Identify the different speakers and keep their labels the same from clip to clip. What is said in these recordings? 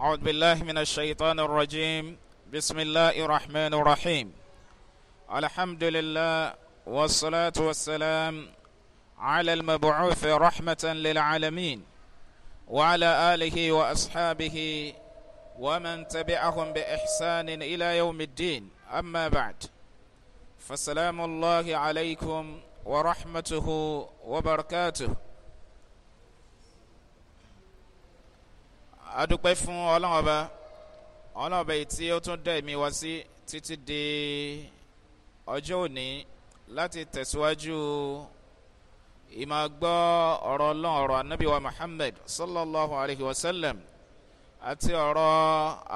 Speaker 1: أعوذ بالله من الشيطان الرجيم بسم الله الرحمن الرحيم الحمد لله والصلاة والسلام على المبعوث رحمة للعالمين وعلى آله وأصحابه ومن تبعهم بإحسان إلى يوم الدين أما بعد فسلام الله عليكم ورحمته وبركاته adúpẹ́ fún ọlọ́run ọba ọlọ́run ọba yìí tí ó tún dá ẹ̀mí wá sí títí di ọjọ́ òní láti tẹ̀síwájú ìmọ̀ ọ̀rọ̀ ọlọ́run ọ̀rọ̀ anábìwá muhammed sallallahu alayhi wa sallam àti ọ̀rọ̀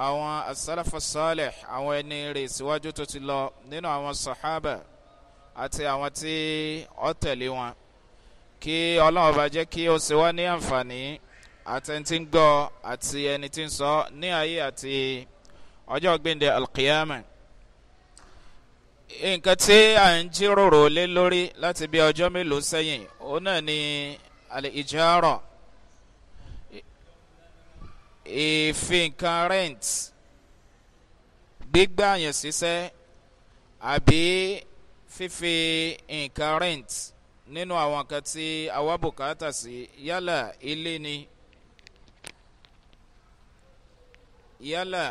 Speaker 1: àwọn asálàfà sọ́ọ̀lẹ̀ àwọn ẹni rè síwájú tó ti lọ nínú àwọn sọ̀hábà àti àwọn tí ó tẹ̀lé wọn kí ọlọ́run ọba jẹ́ kí ó sì wá ní àǹfààní àtẹ̀ntì ń gbọ́ àti ẹni tí ń sọ ní ayé àti ọjọ́ gbẹ̀ndẹ̀ alqiyama nǹkan tí à ń jíròrò lé lórí láti bí ọjọ́ mélòó sẹ́yìn òun náà ni àlẹ́ ìjárọ̀ ìfìǹkan rent gbígbà yẹn ṣiṣẹ́ àbí fífi nǹkan rent nínú àwọn nǹkan tí awa bùkátà sí yálà ilé ni yálà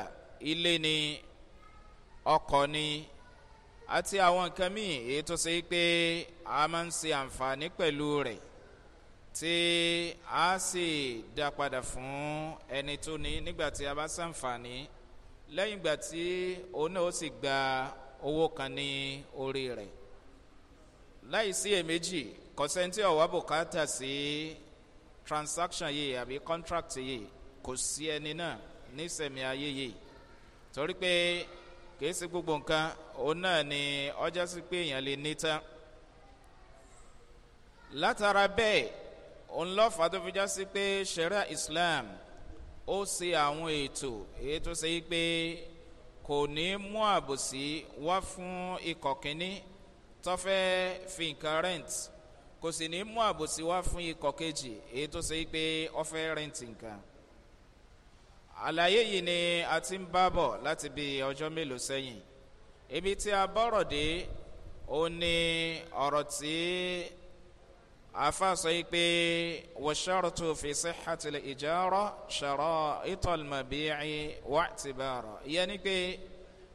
Speaker 1: ilé ni ọkọ̀ ni àti àwọn nǹkan míì èyí tó ṣe pé a máa ń ṣe àǹfààní pẹ̀lú rẹ̀ tí a sì dá padà fún ẹni tó ní nígbà tí a bá ṣàǹfààní lẹ́yìn ìgbà tí òun náà ó sì gba owó kan ní orí rẹ̀ láì sí èméjì kọ̀sẹ́ntì ọ̀wá bùkátà sí transaction yìí àbí contract yìí kò sí ẹni náà nísẹ̀mí ayé yìí torí pé kìí sí gbogbo nǹkan òun náà ni ọjọ́ sí pé èèyàn lè ní tán látara bẹ́ẹ̀ òun lọ́fà tó fi já sí pé sharia islam ó ṣe àwọn ètò èyí tó ṣe pé kò ní mú àbòsí wá fún ikọ̀ kínní tó fẹ́ fi nǹkan rent kò sì ní mú àbòsí wá fún ikọ̀ kejì èyí tó ṣe pé ọ fẹ́ rent nǹkan àlàyé yìí ni a ti ń bá bọ̀ láti bí ọjọ́ mélòó sẹ́yìn ibi tí a bọ̀rọ̀ dé ó ní ọ̀rọ̀ tí afa sọ yìí pé wọ́ṣọ́rọ̀tù fèsì hàtìlẹ̀ ìjọ́rọ̀ ṣọ̀rọ̀ ìtọ́lmọ̀bìrì wà ti bàrọ̀ ìyẹn ni pé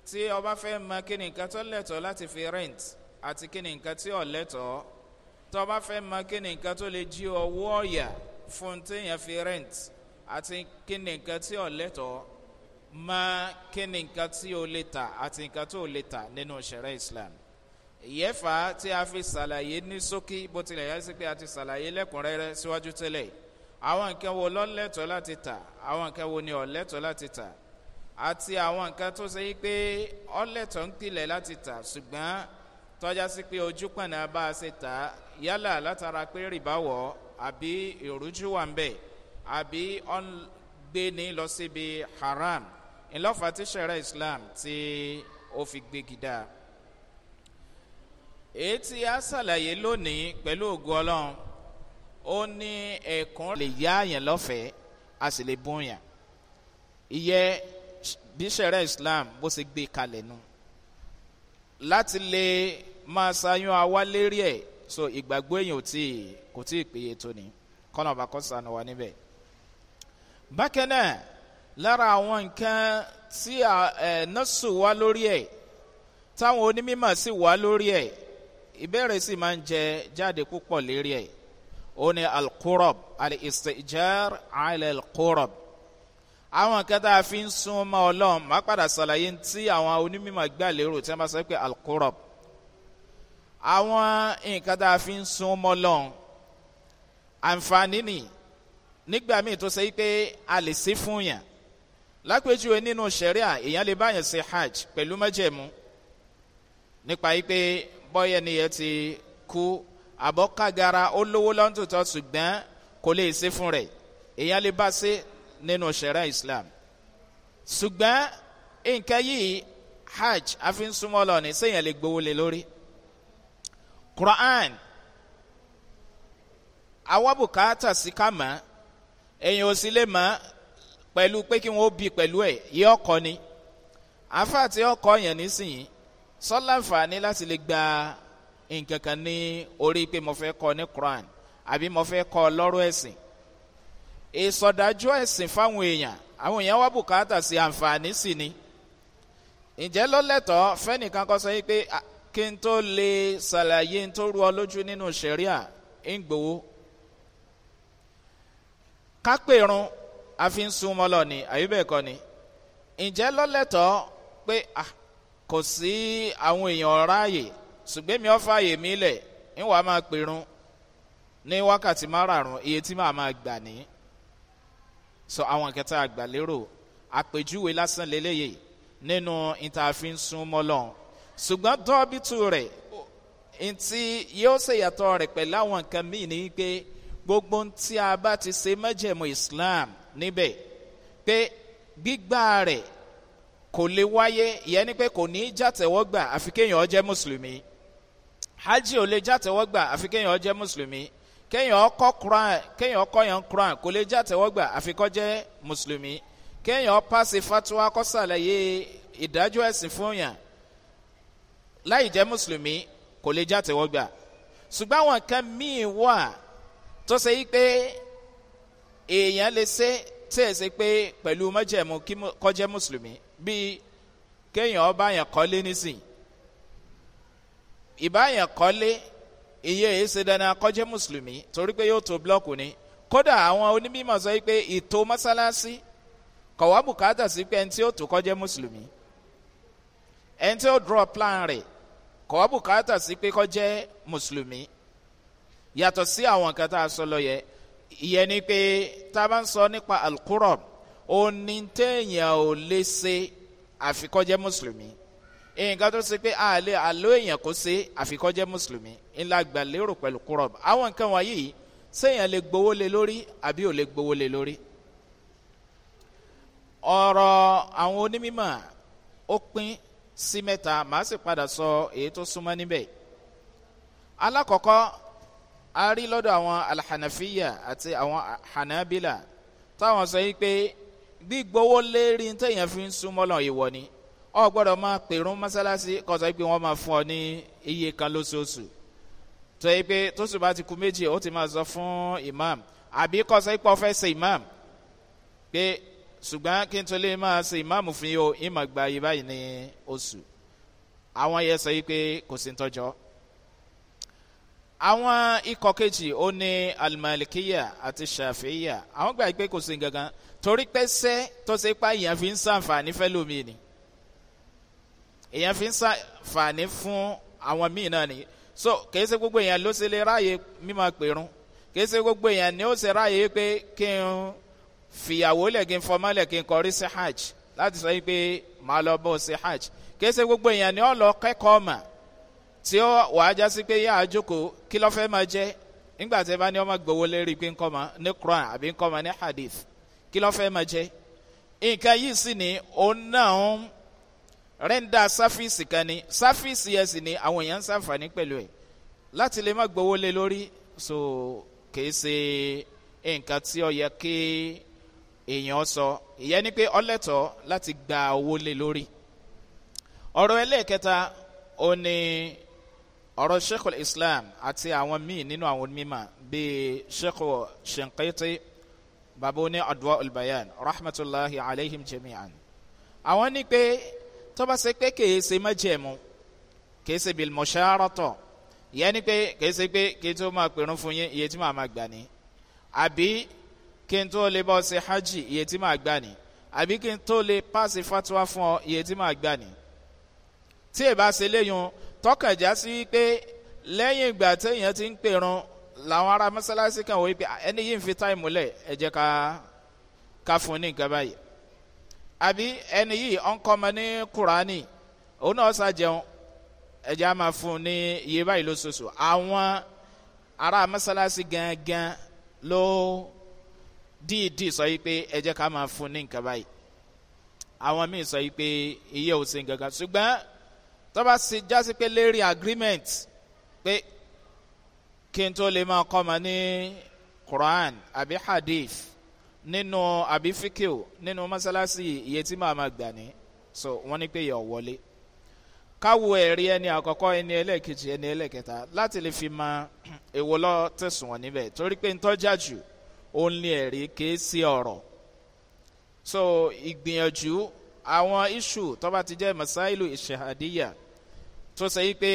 Speaker 1: tí ọba fẹ́ mọ kí ni nǹkan tó lẹ̀tọ̀ láti fi rent àti kí ni nǹkan tí ò lẹ́tọ̀ tọba fẹ́ mọ kí ni nǹkan tó lè jí owó ọ̀yà fún téèyàn fi rent àti kí ni nǹkan tí ò lẹ́tọ̀ mọ kí ni nǹkan tí ó lè tà àti nǹkan tó lè tà nínú ìṣẹ̀rẹ́ islam ìyẹ́fà tí a fi ṣàlàyé ní sókí bó tilẹ̀ yá sí pé a ti ṣàlàyé lẹ́kùnrẹ́rẹ́ síwájú tẹ́lẹ̀ àwọn nǹkan wo lọ́lẹ́tọ̀ láti tà àwọn nǹkan wo ni ọ̀lẹ́tọ̀ láti tà àti àwọn nǹkan tó ṣe pé ọ̀lẹ́tọ̀ ń tilẹ̀ láti tà ṣùgbọ́n tọ́já sí pé ojú pọ̀nà bá a ṣe tà yálà látara pé rìbá wọ̀ àbí ìrújú wà ń bẹ́ẹ̀ àbí ọ̀n gbé ní lọ síbi haram ńlọ́fà tí sẹ̀rẹ̀ islam tí ó fi gbégi dáa èyí tí a ṣàlàyé lónìí pẹ̀lú ògùn ọlọ́run ó ní ẹ̀kún lè yá àyàn lọ́fẹ̀ẹ́ a sì lè bún ìyẹ́ bí sẹ̀rẹ̀ islam bó ṣe gbé kalẹ̀ nu láti lè máa ṣayún awa lérí ẹ̀ so ìgbàgbọ́ èèyàn ò tí kò tí ì péye tó ni kọ́nà ọba kọ́sánù wa níbẹ̀ bákan náà lára àwọn nǹkan tí nọ́ọ̀sù wá lórí ẹ̀ táwọn onímọ̀ sì wá lórí ẹ̀ ìbéèrè sì máa ń jẹ jáde púpọ̀ lérí ẹ̀ ó ní alkorob alistijar alelkorob àwọn nǹkan tá a fi ń sún mọ́ ọlọ́run má padà ṣàlàyé tí àwọn onímọ̀ gbà lérò tí wọ́n bá sọ pé alkorob àwọn nǹkan tá a fi ń sún mọ́ ọlọ́run àǹfààní nìyí nígbà míì tó ṣe pé a lè sí fún yàn lápèjúwe nínú sẹ̀ríà èèyàn lè báyàn ṣe hajj pẹ̀lú mẹ́jẹ̀mú nípa pé bọ́yẹ̀ nìyẹn ti kú àbọ̀kágara ó lówó ṣùgbọ́n kò lè ṣe fún rẹ̀ èèyàn lè bá ṣe nínú sẹ̀ríà islam ṣùgbọ́n nǹkan yìí hajj àfi ń sẹ́yìn lè gbowó lé lórí quran àwọn bùkátà sí ká mọ́ èyàn ò sí lè mọ́ pẹ̀lú pé kí wọ́n ó bi pẹ̀lú ẹ̀ yí ọkọ ni afa àti ọkọ yẹn nísìnyí sọ́lá nfààní láti lè gba nǹkan kan ní orí pé mo fẹ́ kọ ní quran àbí mo fẹ́ kọ lọ́rọ̀ ẹ̀sìn ìsọdájú ẹ̀sìn fáwọn èèyàn àwọn èèyàn wá bùkátà sí àǹfààní sí ni ǹjẹ́ lọ́lẹ́tọ̀ọ́ fẹ́nìkan kọ́ sọ pé kí n tó lè ṣàlàyé n tó rú ọ lójú nínú sẹ̀ríà ń gbowó kápẹ̀rún àfi ń sun mọ́lọ ni àbí bẹ́ẹ̀ kọ́ ni ǹjẹ́ lọ́lẹ́tọ̀ pé kò sí àwọn èèyàn ráàyè ṣùgbọ́n mi ò fààyè mi lẹ̀ ń wàá máa pẹ̀rún ní wákàtí márààrún iye tí màá máa gbà ní sọ àwọn kẹta àgbàlérò àpèjúwe lásán lélẹ́yìí nínú ìtààfin sun ṣùgbọ́n dọ́bìtù rẹ̀ ntí yóò ṣèyàtọ̀ rẹ̀ pẹ̀lú àwọn nǹkan míì ní pé gbogbo tí a bá ti ṣe mẹ́jẹ̀mú islam níbẹ̀ pé gbígbà rẹ̀ kò lè wáyé ìyẹn ni pé kò ní í jàtẹ̀wọ́gbà àfi kéèyàn ọjẹ́ mùsùlùmí hajj ò lè jàtẹ̀wọ́gbà àfi kéèyàn ọjẹ́ mùsùlùmí kéèyàn ọkọ quran kéèyàn ọkọ yẹn quran kò lè jàtẹ̀wọ́gbà àfi kọjẹ́ mùsùlùmí kéèyàn pàṣẹ fatuwa kọ́sàlàyé ìdájọ́ ẹ̀sìn fún yàn láì jẹ́ mùsùlùmí kò lè jàtẹ̀wọ́gbà ṣùgbọ́n àwọn kan míì wà tó ṣe yí pé èèyàn lè ṣe tí ẹ ṣe pé pẹ̀lú mọ́jẹ̀mú kọjẹ́ mùsùlùmí bíi kéèyàn ọba yẹn kọ́lé nísìn ìbáyẹn kọ́lé iye èyí ṣe dandan kọjẹ́ mùsùlùmí torí pé yóò tó blọ́ọ̀kù ni kódà àwọn onímọ̀ sọ pé ètò mọ́sálásí kọ̀wá bùkátà sí pé ẹni tí ó tó kọjẹ́ mùsùlùmí ẹni tí ó draw plan rẹ̀ kọ̀wá bùkátà sí pé kọjẹ́ mùsùlùmí yàtọ̀ sí àwọn nǹkan tá a sọ lọ yẹ ìyẹn ni pé tá a bá ń sọ nípa alukóró òní téèyàn ò lè ṣe àfikọ́jẹ́ mùsùlùmí nǹkan tó ṣe pé a lè àlọ́ èèyàn kó ṣe àfikọ́jẹ́ mùsùlùmí ńlá gbà lérò pẹ̀lú kúrò àwọn nǹkan wọ̀nyí séèyàn lè gbowó lé lórí àbí ò lè gbowó lé lórí. ọ̀rọ̀ àwọn onímọ̀ ó pín sí mẹ́ta màá sì padà sọ èyí tó súnmọ́ níbẹ̀. alákọ̀ọ́kọ́ a rí lọ́dọ̀ àwọn alhànàfíyà àti àwọn hànàbílà táwọn sọ yìí pé gbígbówó lérí téèyàn fi ń súnmọ́ lọ ìwọ ni ọ gbọ́dọ̀ máa pèrún mọ́sálásí kọ́ sọ pé wọ́n máa fún ọ ní iye kan lóṣooṣù tó yẹ pé tó sì bá ti ku méjì ó ti máa sọ fún imam àbí kọ́ sọ pé ọ fẹ́ ṣe imam pé ṣùgbọ́n kí n tó lè máa ṣe imam fún yìí o ìmọ̀ gba yìí báyìí ní oṣù àwọn yẹn sọ yìí pé kò sí ń tọ́jọ́ àwọn ikọ̀ kejì ó ní alimalikiya àti ṣàfihàn àwọn gbà pé kò sí gangan torí pẹ́sẹ́ tó ṣe pa èèyàn fi ń sàǹfààní fẹ́lómi ni èèyàn fi ń sàǹfààní fún àwọn míì náà ni so kìí ṣe gbogbo èèyàn ló ṣe lè ráàyè mímọ pèrún kìí ṣe gbogbo èèyàn ni ó ṣe ráàyè pé kí n fìyàwó lẹ̀ kí n fọmọ́lẹ̀ kí n kọrí sí hajj láti sọ pé màá lọ bọ́ sí hajj kìí ṣe gbogbo èèyàn ni ó lọ kẹ́kọ̀ọ́ mà tí ó wà á jásí pé yá àjókòó kí ló fẹ́ máa jẹ́ nígbà tí ẹ bá ní ọmọ gbowó lérí pé ńkọ́ ma ní quran àbí ńkọ́ ma ní hadith kí ló fẹ́ máa jẹ́ nǹkan yìí sì ni òun náà ń rẹ́ńdà sáfíìsì kan ni sáfíìsì yẹn sì ni àwọn èèyàn ń sàǹfààní pẹ̀lú ẹ̀ láti lè má gbowó lé lórí so kìí ṣe nǹkan tí ó yẹ kí èèyàn sọ ìyẹn ni pé ọlẹ́tọ̀ọ́ láti gba owó lé lórí ọ̀rọ̀ ẹlẹ́ẹ̀kẹta ó ní ọ̀rọ̀ sheikh islam àti àwọn míì nínú àwọn mímà bíi sheikh shinqiti babuni adwa ulbayan rahmatulahi alayhim jami'an àwọn ní pé tọ́ba ṣe pé kìí ṣe májẹ̀mú kìí ṣe bil mọ̀ṣárọ́tọ̀ ìyẹn ni pé kìí ṣe pé kí tó máa pèrún fún yín iye tí màá máa gbà ní àbí kí n tó lè bọ́ ṣe hajj iye tí màá gbà ní àbí kí n tó lè pàṣẹ fatuwa fún ọ iye tí màá gbà ní tí ì bá ṣe léyìn tọkànjá sí pé lẹ́yìn ìgbà téèyàn ti ń pèrun làwọn ará mọ́sálásí kan wọ́n pé ẹni yìí ń fi táìmù lẹ̀ ẹ jẹ́ ká ká fún ní nǹkan báyìí àbí ẹni yìí ọ̀n kọ́mọ ní kùránì òun náà sá jẹun ẹ jẹ́ á máa fún ní iye báyìí lóṣooṣù àwọn ará mọ́sálásí gangan ló díìdì sọ yìí pé ẹ jẹ́ ká máa fún ní nǹkan báyìí àwọn míì sọ yìí pé iye ò sí nǹkan kan ṣùgbọ́n tó bá sì jásí pé lérí agreement pé kí n tó lè máa kọ́ ma ní quran àbí hadith nínú àbí fíkìl nínú mọ́sálásí iye tí màá máa gbà ní so wọ́n ní pé yọ̀ wọlé káwo ẹ̀rí ẹni àkọ́kọ́ ẹni ẹlẹ́ẹ̀kejì ẹni ẹlẹ́ẹ̀kẹta láti lè fi ma èwo lọ tẹ̀sùn wọn níbẹ̀ torí pé ntọ́jà jù òun ẹ̀rí kìí sí ọ̀rọ̀ so ìgbìyànjú àwọn iṣu tó bá ti jẹ́ masailu ìṣèhàdíyà tó ṣe yí pé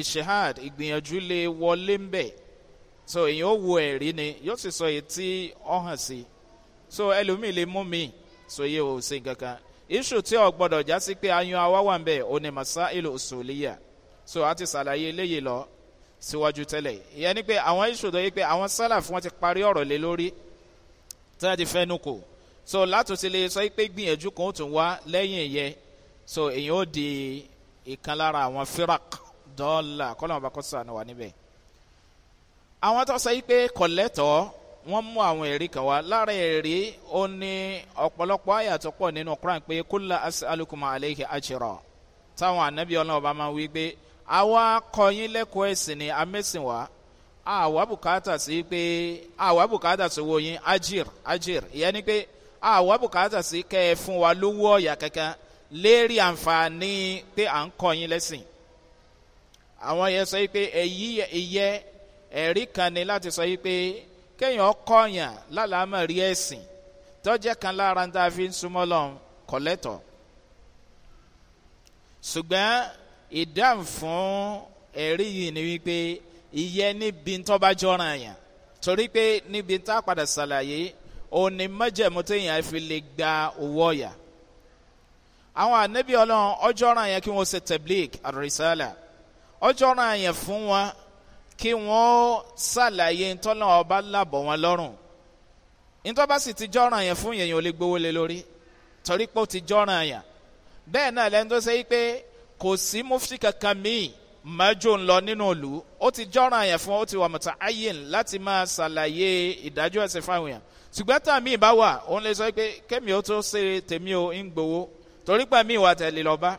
Speaker 1: ìṣehad ìgbìyànjú lè wọlé ń bẹ̀ so èyàn ó wo ẹ̀rí ni yóò sì sọ èyí tí ọ hàn sí so ẹlòmíì lè mú mi so yẹ ò sí kankan iṣu tí ọ gbọdọ̀ já sí pé ayun awa wà ń bẹ̀ ò masa ìlú òṣòlíyà so a ti ṣàlàyé eléyìí lọ síwájú tẹ́lẹ̀ ìyẹn ni pé àwọn iṣu tó yẹ pé àwọn sálàfù wọn ti parí ọ̀rọ̀ lé lórí tí wọ́n ti fẹ́ nu kò so látòsí lè sọ pé gbìyànjú kan ó tún wá lẹ́yìn ìyẹn so èyàn ó di ìkan lára àwọn firak dọ́là kọ́lọ́mù bá kọ́ sànù wà níbẹ̀ àwọn tó sọ yìí pé kọ̀lẹ́tọ̀ wọ́n mú àwọn ẹ̀rí kan wá lára ẹ̀rí ó ní ọ̀pọ̀lọpọ̀ àyàtọ̀ pọ̀ nínú quran pé kúlà alukuma aleyhi ajira táwọn ànábì ọlọ́wọ́ bá máa wí pé àwa kọyín lẹ́kọ̀ọ́ ẹ̀sìn ni amẹ́sìn wá àwa bùkátà sí pé àwa bùkátà sí wo ajir ajir ìyẹn ni pé àwa bùkátà sí kẹ́ ẹ fún wa lówó ọ̀yà kankan lérí àǹfààní pé à ń kọ́ yín lẹ́sìn àwọn yẹn sọ pé èyí ìyẹ ẹ̀rí kan ni láti sọ pé kéèyàn kọ́yàn lálàámọ̀ rí ẹ̀sìn tọ́jẹ́ kan lára ń dáa fi ń súnmọ́ lọ́n kọ́lẹ́tọ̀ ṣùgbọ́n ìdáhùn fún ẹ̀rí yìí ni wípé ìyẹ níbi tó bá jọra yàn torí pé níbi tá a padà ṣàlàyé òní mọ́jẹ̀mú téèyàn fi lè gba owó ọ̀yà. àwọn anabi ọlọ́run ọjọ́ ọ̀ràn yẹn kí wọ́n ṣe tablik arisala ọjọ́ ọ̀ràn yẹn fún wọn kí wọ́n ṣàlàyé ntọ́nà ọba làbọ̀ wọn lọ́rùn ntọ́ba sì ti jọ́ràn yẹn fún yẹn ò lè gbowó lé lórí torí pé ó ti jọ́ràn yẹn bẹ́ẹ̀ náà lẹ́nu tó ṣe yí pé kò sí mufti kankan míì mẹ́jọ ń nínú ìlú ó ti jọ́ràn yẹn fún ó ti wà mọ̀tà ayé láti máa ṣàlàyé ìdájọ́ ẹ̀sìn fáwọn yẹn ṣùgbọ́n tá mi ì bá wà òun lè sọ pé kémi ó tó ṣe tèmi ó ń gbowó torí pẹ̀ mí ìwà tẹ̀lé lọ́ba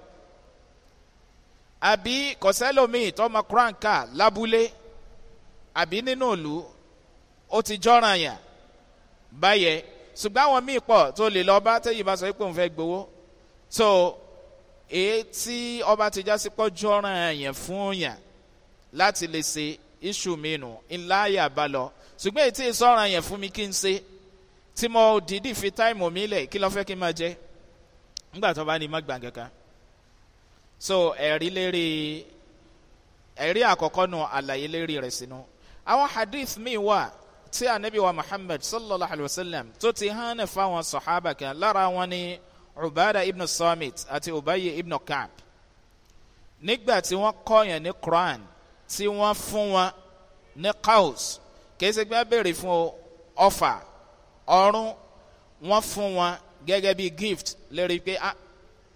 Speaker 1: àbí kọ̀sẹ́lòmíì tọmọ kúránkà lábúlé àbí nínú ìlú ó ti jọ́ràn yàn báyẹn ṣùgbọ́n àwọn míì pọ̀ tó lè lọ́ba tẹ́yìn bá sọ pé òun fẹ́ gbowó so èyí tí ọba ti já sí pọ́ jọ́ràn yàn fún yàn láti lè ṣe iṣu mi nù ńlá yà bá lọ ṣùgbọ́n èyí tí ì sọ̀ràn yàn fún mi kí n ṣe tí mo dìídì fi táìmù mi lẹ̀ kí lọ́ fẹ́ kí n máa jẹ́ ńgbà tó bá ní má kankan so ẹ̀rí lérí ẹ̀rí àkọ́kọ́ nù àlàyé lérí rẹ̀ sínú àwọn hadith míì wà tí anabi wa muhammed sallallahu alayhi wa sallam tó ti hàn fáwọn sọ̀hábà kan lára wọn ni ubada ibn summit àti ubayi ibn kamp nígbà tí wọ́n kọ́yàn ní quran tí wọ́n fún wọn ní cows kì í béèrè fún ọfà ọrún wọ́n fún wọn gẹ́gẹ́ bí gift lérí pé ah,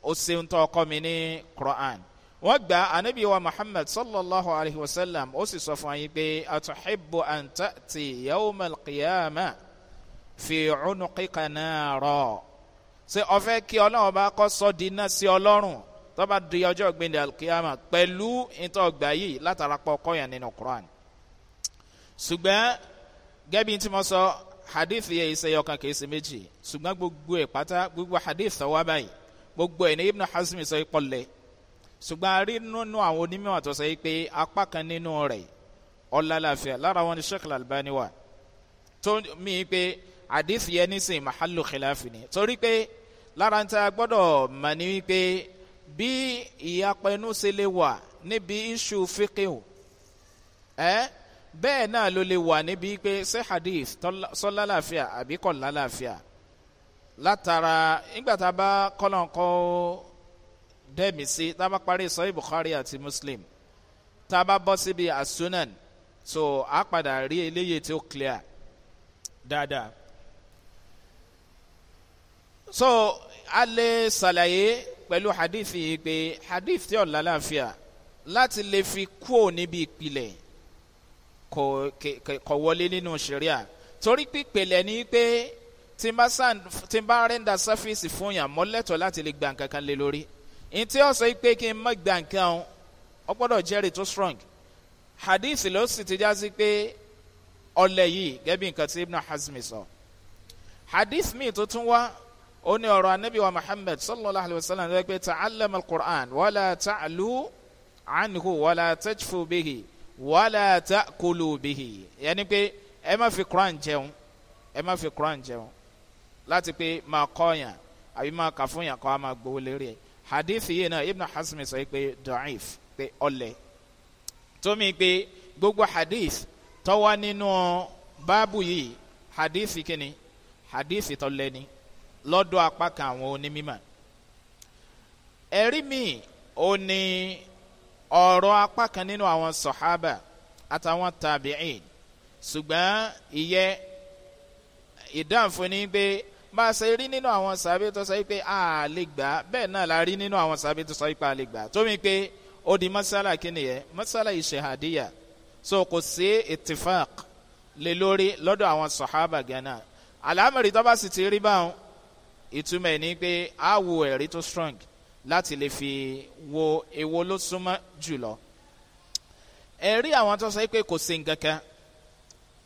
Speaker 1: ó ṣeun tó ọkọ mi ní quran wọ́n gba anabi wa muhammad sallallahu alayhi wa sallam ó sì sọ fún yín pé atuhibbu an ta'ti yawma alqiyama fi cunuqika naara ṣe ọfẹ kí ọlọ́run bá kọ́ sọ di sí ọlọ́run tó bá di ọjọ́ gbẹ̀ndẹ̀ alqiyama pẹ̀lú ìtọ́gbà yìí látara pọ̀ kọ́yàn nínú quran ṣùgbọ́n gẹ́bí tí mo sọ hadith yẹ ẹsẹ yọkan kì í ṣe méjì ṣùgbọ́n gbogbo ẹ̀ pátá gbogbo hadith tó wá báyìí gbogbo ẹ̀ ní ibn hazmi sọ pọ̀lẹ̀ ṣùgbọ́n a rí nínú àwọn onímọ̀ tó sọ pé apá kan nínú rẹ̀ ọ̀làlàfíà lára wọn ni sheikh albani wà tó mi pé hadith yẹ nísìnyí mahalu khilafi ni torí pé lára ta gbọ́dọ̀ mọ̀ ní pé bí ìyapẹnu ṣe lè wà níbi iṣu eh? bẹ́ẹ̀ náà ló lè wà níbi pé ṣé hadith sọ́lá láàfíà àbí kọ̀lá láàfíà látara nígbà tá a bá kọ́lọ́nkọ́ dẹ́mi sí tá a bá parí sọ́yìn bukhari àti muslim tá bọ́ síbi asunan so a padà rí eléyìí tí clear dáadáa. so a lè ṣàlàyé pẹ̀lú hadith yìí pé hadith tí ọ̀la láàfíà láti lè fi kúò níbi ìpìlẹ̀ kò wọlé nínú sẹ̀ríà torí pípèlẹ̀ ni pé tí n bá rẹ́ńdà sọ́fíìsì fún yàn mọ́lẹ́tọ̀ láti lè gba nǹkan kan lé lórí n tí ó sọ pé kí n má gba nǹkan o ó gbọ́dọ̀ jẹ́rìí tó strong hadith ló sì ti já sí pé ọlẹ yìí gẹ́bí nǹkan tí ibn hazmi sọ hadith míì tó tún wá ó ní ọ̀rọ̀ anabi wa muhammed sallallahu alayhi wa sallam ló pé ta'alam al-qur'an wàlá ta'alu anhu wàlá tajfu bihi wala ta'kulu bihi yẹni pé ẹ má fi koran jẹun ẹ má fi koran jẹun láti pé máa kọ́ yàn àbí máa kà fún yàn kọ́ a máa gbowó lérí ẹ̀ hadith yìí náà ibn hasmi sọ pé da'if pé ọlẹ̀ tómi pé gbogbo hadith tọ́wá nínú báàbù yìí hadith kìíní hadith tọ́lẹ́ni lọ́dọ̀ apá kan àwọn onímọ̀ ẹ̀rí mi ò ní ọ̀rọ̀ apá kan nínú àwọn sọ̀hábà àtàwọn tàbíìn ṣùgbọ́n ìyẹn ìdáǹfọ̀ ni pé bá a ṣe rí nínú àwọn sàbí tó sọ pé a lè gbà bẹ́ẹ̀ náà la rí nínú àwọn sàbí tó sọ pé a lè gbà tó mi pé ó di masala kíni yẹ masala ìṣèhàdíyà so kò sí ìtìfàk lè lórí lọ́dọ̀ àwọn sọ̀hábà gánà àlámọ̀rí bá sì ti rí báwọn ìtumọ̀ ẹ̀ ni pé a wo ẹ̀rí tó strong láti lè fi wo èwo ló súnmọ́ jùlọ ẹ̀rí àwọn tó sọ pé kò sí nǹkan kan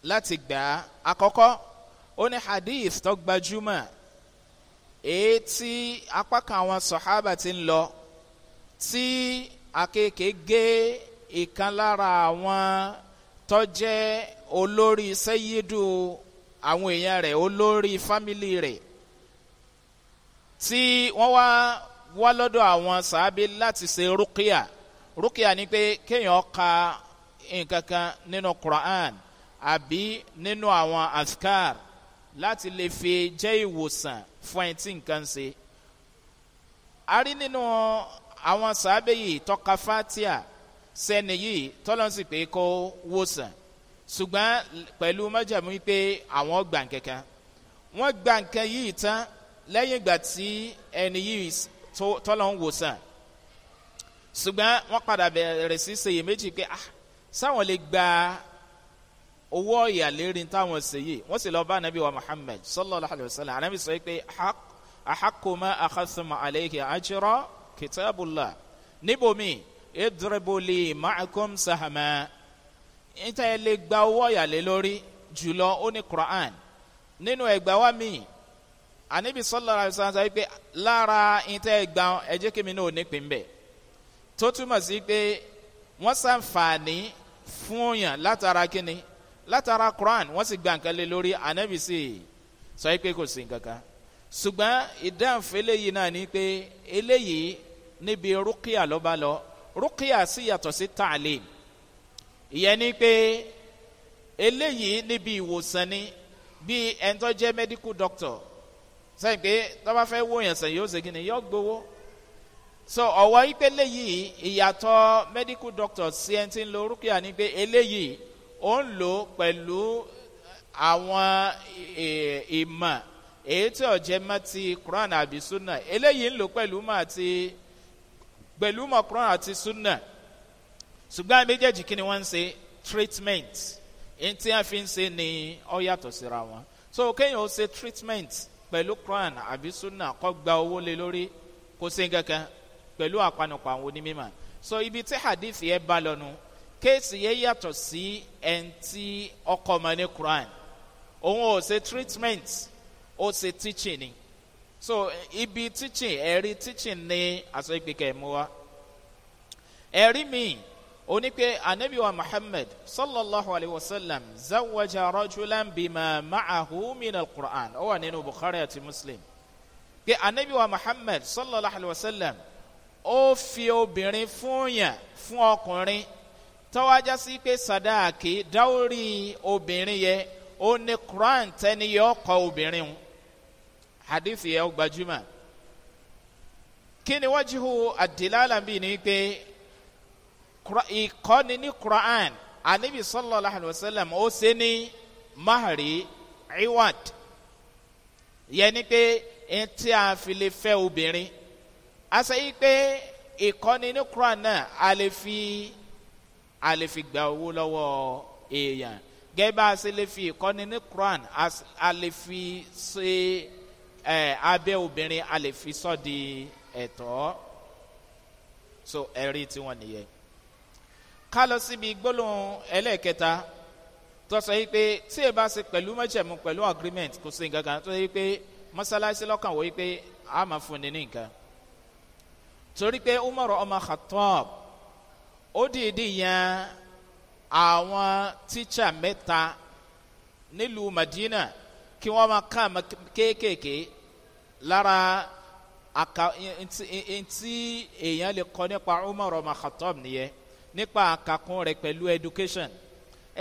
Speaker 1: láti gbà á àkọ́kọ́ ó ní hadith tó gbajúmọ̀ èyí tí apá kan àwọn sọ̀hábà ti ń lọ tí akéèké gé ìkan lára àwọn tó jẹ́ olórí sẹ́yídù àwọn èèyàn rẹ̀ olórí fámìlì rẹ̀ tí wọ́n wá wá lọ́dọ̀ àwọn sàábí láti ṣe rúkìá rúkìá ni pé kéèyàn ka nǹkan kan nínú quran àbí nínú àwọn askar láti lè fi jẹ́ ìwòsàn fún ẹni tí nǹkan ṣe. a rí nínú àwọn sàábí yìí tọ́ka fatia sẹ́ni yìí tọ́lọ́n sì pé kó wòsàn ṣùgbọ́n pẹ̀lú májàmú pé àwọn gbà wọ́n gbà yìí tán lẹ́yìn ìgbà tí ẹni yìí tọ́lọ̀ ń wò sàn ṣùgbọ́n wọ́n padà bẹ̀rẹ̀ sí ṣèyíméjì pé ah sáwọn lè gba owó ọ̀yà lérí táwọn ṣe yìí wọ́n sì lọ bá anabi wa muhammed sallallahu alayhi wa sallam anabi sọ pé ahakuma akasuma aleyhi ajiro kitabula níbomi idribuli ma'akum sahama níta ẹ lè gba owó ọ̀yà lé lórí jùlọ ó ní quran nínú ẹgbàá wa míì anabi sọlá ra sàn sàn pé lára ìtẹ́ gbà ẹ̀jẹ̀ kí mi náà nípìn bẹ́ẹ̀ tó túmọ̀ sí pé wọ́n sàǹfààní fún òyàn látara kíni látara quran wọ́n sì gba nǹkan lé lórí anabi sì sọ pé kò sí nǹkan kan ṣùgbọ́n ìdáhùn eléyìí náà ni pé eléyìí níbi rúkìá lọ́ba lọ rúkìá sì yàtọ̀ sí tààlẹ́ ìyẹn ni pé eléyìí níbi ìwòsàn ni bíi ẹni jẹ́ medical doctor sẹ́yìn pé tọ́ba fẹ́ wó yẹn sẹ́yìn yóò ṣe kíni yóò gbowó so ọ̀wọ́ ipe léyìí ìyàtọ̀ medical doctor sí ẹni tí ń lo rúkìá ni pé eléyìí ó ń lò pẹ̀lú àwọn ìmọ̀ èyí tí ọ̀jẹ̀ mọ́ ti quran àbí sunna eléyìí ń lò pẹ̀lú mọ́ àti pẹ̀lú mọ́ quran àti sunna ṣùgbọ́n méjèèjì kí ni wọ́n ń ṣe treatment ní tí wọ́n fi ń ṣe ni ọ yàtọ̀ síra wọn so kéèyàn ó ṣe treatment. Okay, pẹ̀lú quran àbí sunna kọ́ gba owó lé lórí kó sí kankan pẹ̀lú àpanupọ̀ àwọn onímọ̀ so ibi tí hadith yẹn bá lọ́nu kéèsì yẹn yàtọ̀ sí ẹni ọkọ̀ mọ̀ ní quran òun ò ṣe treatment ó ṣe teaching ni so ibi teaching ẹ̀rí teaching ni àṣọ ìgbìkẹ̀ mú wa ẹ̀rí mi. oni pe anabi wa muhammad sallallahu alayhi wa sallam zawaja rajulan bima ma'ahu min alquran ó wà nínú bukhari àti muslim pé anabi wa muhammad sallallahu alayhi wa sallam ó fi obìnrin fún yàn fún ọkùnrin tọ́wájá sí pé sàdáàkì dáwórí obìnrin yẹ ó ní quran tẹ́ni yọ ọkọ obìnrin hadith yẹ ó gbajúmọ̀ kí ni wájú àdìlálà bíi ni pé ìkọ́ni ní quran anabi sallallahu alayhi wa sallam ó ṣe ní mahari iwad yẹn ni pé ẹni tí a fi lè fẹ́ obìnrin a sọ yìí pé ìkọ́ni ní quran náà a lè fi a lè fi gba owó lọ́wọ́ èèyàn gẹ́gẹ́ bá a ṣe lè fi ìkọ́ni ní quran a lè fi ṣe ẹ abẹ́ obìnrin a lè fi sọ́ di ẹ̀tọ́ so ẹ̀rí tiwọn nìyẹn ká lọ síbi gbólóhùn ẹlẹ́ẹ̀kẹta tó sọ yìí pé tí ẹ bá ṣe pẹ̀lú mẹ́jẹ̀mú pẹ̀lú agreement kò sí nǹkan kan tó yìí pé mọ́sálásí lọ́kàn wọ́n yìí pé a máa fún ni ní nǹkan torí pé umar ọmọ khatab ó dìídì yan àwọn tíṣà mẹ́ta nílùú madina kí wọ́n máa ká kéékèèké lára ntí èèyàn lè kọ́ nípa umar ọmọ khatab nìyẹn nípa àkàkùn rẹ̀ pẹ̀lú education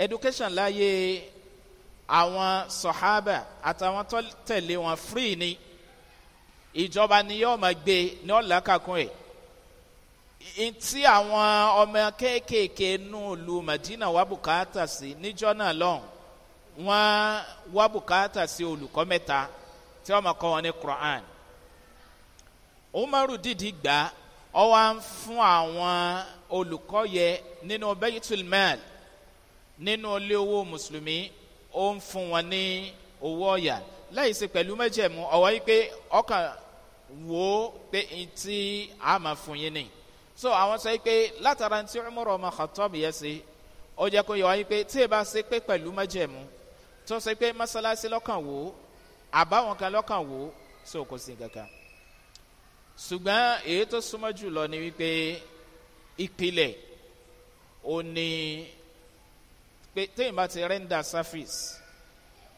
Speaker 1: education láyé àwọn sọ̀hábà àtàwọn tó tẹ̀lé wọn free ni ìjọba ni yóò máa gbé ní ọ̀là kàkùn ẹ̀ ntí àwọn ọmọ kéékèèké nù lu madina wà bùkátà sí níjọ́ náà lọ́hùn wọ́n wá sí olùkọ́ mẹ́ta tí wọ́n máa kọ́ wọn ní quran umaru dìdí gbà ọ́ wá ń fún àwọn olùkọ́ yẹ nínú bẹ́yìtìl mẹ́ẹ̀l nínú ilé owó mùsùlùmí ó ń fún wọn ní owó ọ̀yà láì sí pẹ̀lú mẹ́jẹ̀mú ọ̀wọ́ yìí pé ọkàn wò ó pé tí a máa fún yín ni so àwọn sọ pé látara tí ọmọrọ ọmọ kọtọ́ọ̀bù yẹn sí ó jẹ́ kó yọ wáyé pé tí ì bá sí pé pẹ̀lú mẹ́jẹ̀mú tó sọ pé mọ́sálásí lọ́kàn wò ó àbáwọn kan lọ́kàn wò ó so kò sí kankan ṣùgbọ́n èyí tó súnmọ́ jù lọ ni wípé ìpìlẹ̀ ò ní pé téèyàn bá ti rẹ́ńdà service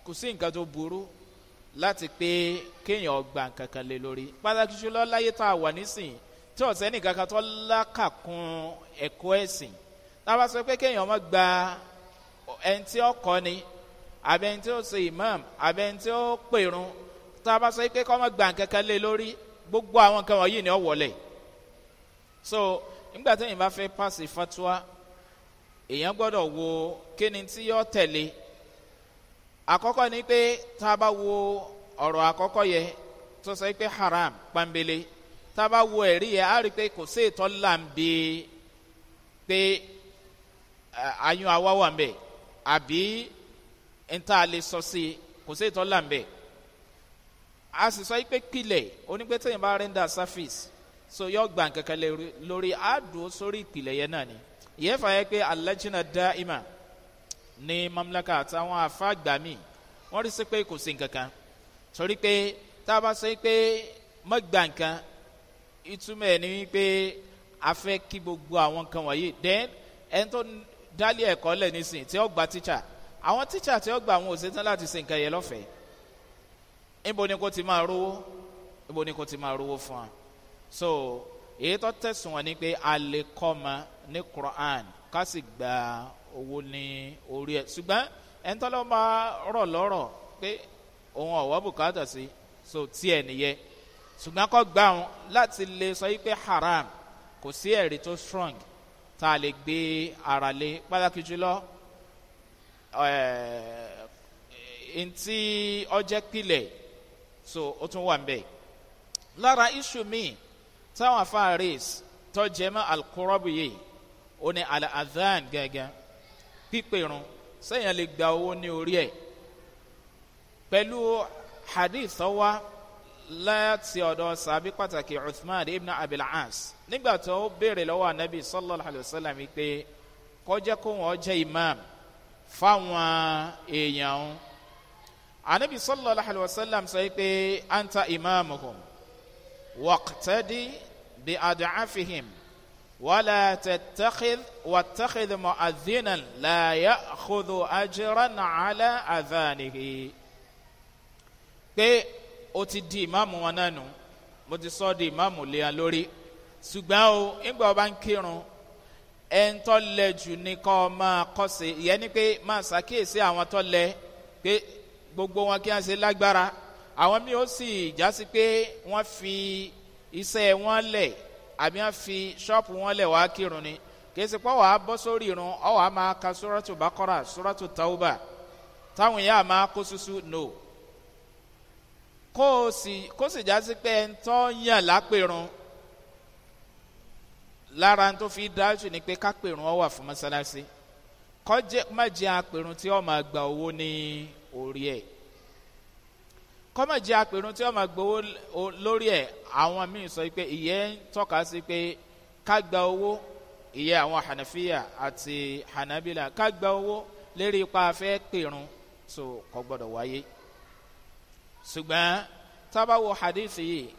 Speaker 1: kò sí nǹkan tó burú láti pé kéèyàn gba nǹkan kan lé lórí pàtàkì jùlọ láyé tá a wà nísìnyí tí ọ̀sẹ̀ nìkan kan tó lákàkún ẹ̀kọ́ ẹ̀sìn táwa sọ pé kéèyàn má gba ẹni tí ó kọ́ ni àbẹ ẹni tí ó ṣe imam àbẹ ẹni tí ó pèrun táwa sọ pé kọ́ má gba nǹkan lé lórí gbogbo àwọn nǹkan wọ̀nyí ni ó wọlé so. nígbà tí èyàn bá fẹ́ pàṣẹ fatua èyàn gbọ́dọ̀ wo kíni tí yọ tẹ̀lé àkọ́kọ́ ni pé tá bá wo ọ̀rọ̀ àkọ́kọ́ yẹ tó sọ pé haram pàmbélé tá bá wo ẹ̀rí yẹ á rí pé kò sí ìtọ́ làǹbì pé eh, ayún awa wà mbẹ àbí níta kò sí ìtọ́ a sì sọ pé onígbẹ́tẹ̀yìn bá so yọ gba nkankan lórí àádùn sórí ìpìlẹ̀ yẹn náà ni ìyẹn fà yẹ pé alẹ́jìnà dá ìmà ní mamlaka àtàwọn afáàgbà mi wọ́n rí sí pé kò sí nkankan torí pé tá a bá sọ pé mọ́ gba nkan ìtumọ̀ ẹ̀ ni wípé a fẹ́ kí gbogbo àwọn nkan wọ̀nyí then ẹni tó dálé ẹ̀kọ́ lẹ̀ nísìn tí ó gba tíṣà àwọn tíṣà tí ó gba àwọn òṣèlú láti ṣe nkan yẹn lọ́fẹ̀ẹ́ níbo ni kò ti máa rówó níbo ni kò ti máa rówó fún wa so èyí tó tẹ̀sùn wọn ni pé a lè kọ́ ma ní quran ká sì gba owó ní orí ẹ̀ ṣùgbọ́n ẹni tó lọ́ máa rọ̀ lọ́rọ̀ pé òun ọ̀wọ́ bùkátà sí so tiẹ̀ nìyẹn ṣùgbọ́n kọ́ gbà wọn láti lè sọ yí pé haram kò sí ẹ̀rí tó strong tá a lè gbé ara lé pàtàkì jùlọ eh, ntí ọjẹ́ pilẹ̀ so ó tún wà ń bẹ̀ lára iṣu míì táwọn afáà rèés tọ́jẹ́mọ́ alukọ́rọ́bù yìí ó ní al-adhan gẹ́gẹ́ pípẹ̀rún sẹ́yìn lè gba owó ní orí ẹ̀ pẹ̀lú hadith tọ́wá láti ọ̀dọ̀ sàbí pàtàkì uthman ibn abil as nígbà tó ó béèrè lọ́wọ́ anabi sallallahu alayhi wa sallam pé kọjá kó wọn jẹ́ imam fáwọn èèyàn ọ̀hún anabi sallallahu alayhi wa sallam sọ pé anta imamuhum waqtadi. بأضعافهم ولا تتخذ واتخذ مؤذنا لا يأخذ أجرا على أذانه pé o ti di ìmáàmù wọn náà nù mo ti sọ di ìmáàmù léyàn lórí ṣùgbọ́n o ìgbà ọba ń kírun ẹni tó lẹ jù ní kọ́ máa kọ́ ìyẹn ni pé máa ṣàkíyèsí àwọn tó pé gbogbo wọn kí wọ́n ṣe lágbára àwọn mi ò sì já sí pé wọ́n fi iṣẹ́ wọn lẹ̀ àbí wọn fi ṣọ́ọ̀pù wọn lẹ̀ wá kírun ni kèsì pọ̀ wàá bọ́ sórí irun ọ̀ wàá máa ka sóràtù bákọ́rà sóràtù tàwùbà táwọn yàrá máa kó susu no kó o sì kó sì já sí pé ẹ̀ ń tọ́ yàn lápèrun lára tó fi dájú ni pé kápèrun ọ̀ wà fún mọ́sálásí kọ́jẹ́ má jẹ́ àpèrun tí ọ̀ máa gba owó ní orí ẹ̀ kọ́mọ̀ jẹ́ apẹ̀rún tí wọ́n máa gbowó lórí ẹ̀ àwọn míì sọ pé ìyẹn ń tọ́ka sí pé ká gba owó ìyẹn àwọn hànàfíà àti hànàbílà ká gba owó lérí ipa afẹ́ pèrún so kò gbọ́dọ̀ wáyé ṣùgbọ́n tábàwọ̀ hadith yìí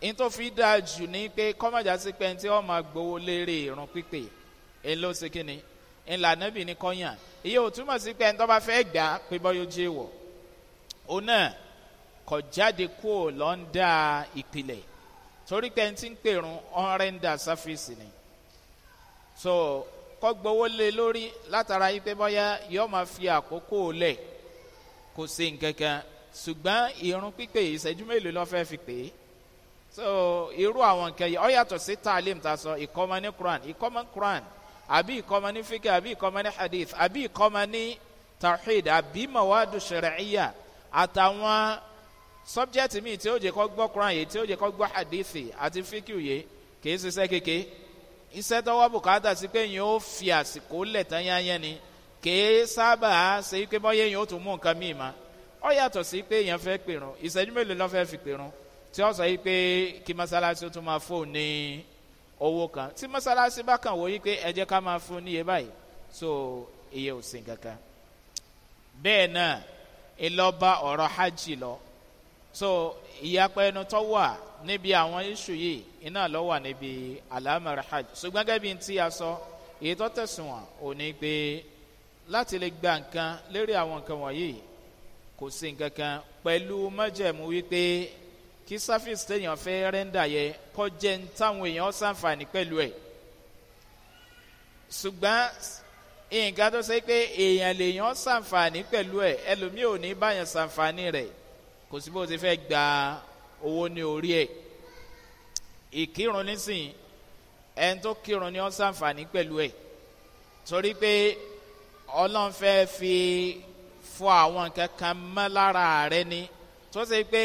Speaker 1: n fi dáa jù ní pé kọ́mọ̀jà sí pé tí wọ́n máa gbowó lérí irun pípé ẹ̀ ló ṣe ni ńlá nẹ́bì ní kọ́yàn ìyẹn ò túmọ̀ sí pé ẹni tó bá fẹ́ gbà pé bọ́ jẹ́ wọ̀ òun náà kò jáde kúrò lọ́ndà ìpìlẹ̀ torí pé ẹni tí ń pèrún ọ̀rẹ́ndà sáfíìsì ni so kọ́ gbowó lé lórí látara yìí pé bọ́yá yọ máa fi àkókò lẹ̀ kò sí nǹkan kan ṣùgbọ́n irun pípé ìṣẹ́jú mélòó lọ́ fẹ́ fi pè é so irú àwọn nǹkan yìí ọ yàtọ̀ sí taalim ta sọ ìkọ́mọ ní quran ìkọ́mọ quran àbí ìkọ́mọ ní fíkẹ́ àbí ìkọ́mọ ní hadith àbí ìkọ́mọ ní tawhid àbí mawadu shari'iyya àtàwọn. Subject míì tí ó jẹ́ kọ́ gbọ́ kuran yìí tí ó jẹ́ kọ́ gbọ́ hadithi àti fíkìú yìí kì í ṣiṣẹ́ kéke iṣẹ́ tọwọ́ bùkátà sí pé yìí ó fi àsìkò lẹ̀ tán yányán ni kì í sábà ṣe pé bọ́yé yìí ó tún mú nǹkan míì ma ọ yàtọ̀ sí pé èèyàn fẹ́ pèrún ìṣẹ́jú mélòó lọ́ fẹ́ fi pèrún tí ó sọ yìí pé kí mọ́sálásí tún máa fò ní owó kan tí mọ́sálásí bá kàn wò yìí pé ẹ jẹ́ ká máa fún níye báyìí so iye ò sìn kankan bẹ́ẹ̀ náà ìlọba ọ̀rọ̀ hajj lọ so ìyapa ẹnu tó wà níbi àwọn iṣu yìí iná lọ wà níbi alamar hajj ṣùgbọ́n gẹ́gẹ́ bí ti a sọ èyí tó tẹ̀sùn wọn ò ní pé láti lè gba nǹkan lérí àwọn nǹkan wọ̀nyí kò sí nǹkan kan pẹ̀lú májẹ̀mú wípé kí sáfíìsì téèyàn fẹ́ rẹ́ńdà yẹ kọjẹ́ ń táwọn èèyàn sàǹfààní pẹ̀lú ẹ̀ ṣùgbọ́n nǹkan tó ṣe pé èèyàn lèèyàn sàǹfààní pẹ̀lú ẹ̀ ẹlòmíì ò ní báyàn sàǹfààní rẹ̀ kò sí bó ṣe fẹ́ gba owó ní orí ẹ̀ ìkírun nísìnyí ẹni tó kírun ni ó ṣàǹfààní pẹ̀lú ẹ̀ torí pé ọlọ́run fẹ́ fi fún àwọn nǹkan kan mọ́ lára rẹ ni tó ṣe pé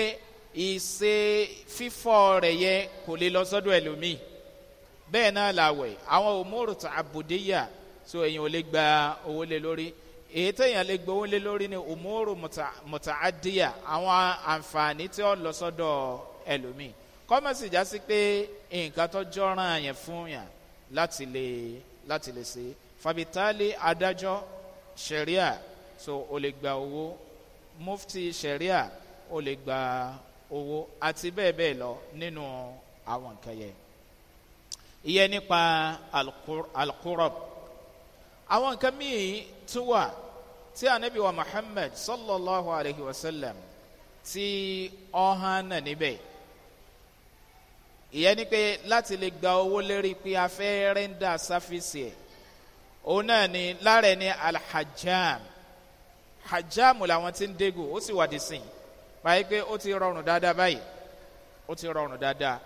Speaker 1: ìṣe fífọ́ rẹ̀ yẹ kò lè lọ sọ́dọ̀ ẹlòmíì bẹ́ẹ̀ náà làwẹ̀ àwọn òmùrùtà àbùdíyà tó èyàn ò lè gba owó lé lórí èyí téèyàn lè gbowó lé lórí ni umuru mutaadiya àwọn àǹfààní tí ó lọ sọ́dọ̀ ẹlòmíì kọ́mọ̀sì já sí pé nǹkan tó jọ́ràn yẹn fún yàn láti lè láti lè ṣe fàbítálì adájọ́ sẹ̀ríà so o lè gba owó mufti sẹ̀ríà o lè gba owó àti bẹ́ẹ̀ bẹ́ẹ̀ lọ nínú àwọn nǹkan yẹn ìyẹn nípa alukúrọ̀bù. Al àwọn nǹkan míì tún wà tí anabi wa muhammed sallallahu alayhi wa sallam tí ọ̀hán náà níbẹ̀ ìyẹn ni pé láti lè gba owó lérí pé a fẹ́ rẹ́ńdà sáfíìsì ẹ̀ òun náà ni lára ẹni alhajam hajam làwọn ti ń dégò ó sì wà dì sìn báyìí pé ó ti rọrùn dáadáa báyìí ó ti rọrùn dáadáa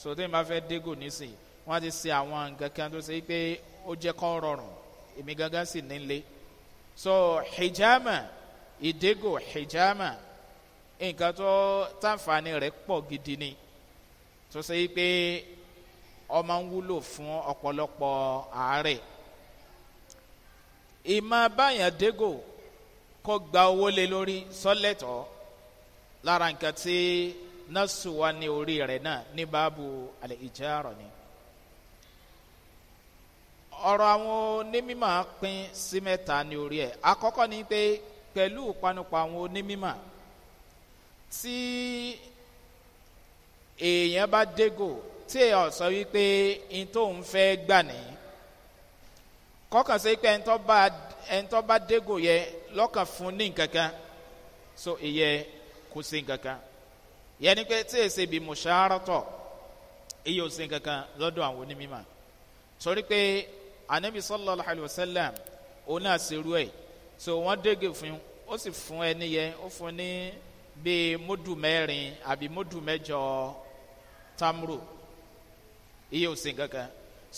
Speaker 1: sòtún ìbá fẹ́ dégò nísìn wọ́n ti ṣe àwọn nǹkan kan tó ṣe pé ó jẹ́ kọ́ rọrùn èmi gangan sì nílé so hijama ìdégò hijama nǹkan tó tàǹfààní rẹ̀ pọ̀ gidi ni tó ṣe yí pé ọmọ ń wúlò fún ọ̀pọ̀lọpọ̀ àárẹ̀ ìmọ̀ báyàn dégò kó gba owó lé lórí sọ́lẹ̀tọ̀ lára nǹkan tí nọ́ọ̀sù ní orí rẹ̀ náà ní báàbù àlè ìjà rọ̀ ni ọ̀rọ̀ àwọn onímọ̀ pín sí mẹ́ta ní orí ẹ̀ àkọ́kọ́ ni pé pẹ̀lú ìpanupọ̀ àwọn onímọ̀ tí èèyàn bá dégò tí èèyàn sọ wípé n tó ń fẹ́ gbà ní kọ́kàn sí pé ẹni tó bá dégò yẹ lọ́kàn fún ní nkankan so ìyẹ kò sí nkankan yẹ ni pé tí èsì bí mùsàárọ̀ tọ̀ ìyẹ ò sí nkankan lọ́dọ̀ àwọn onímọ̀ torí pé anabi sallallahu alayhi wa sallam òun náà ṣerú ẹ̀ so wọ́n dégè fún ó sì fún ẹni yẹn ó fún ní bíi módù mẹ́rin àbí módù mẹ́jọ tamro iye òsè kankan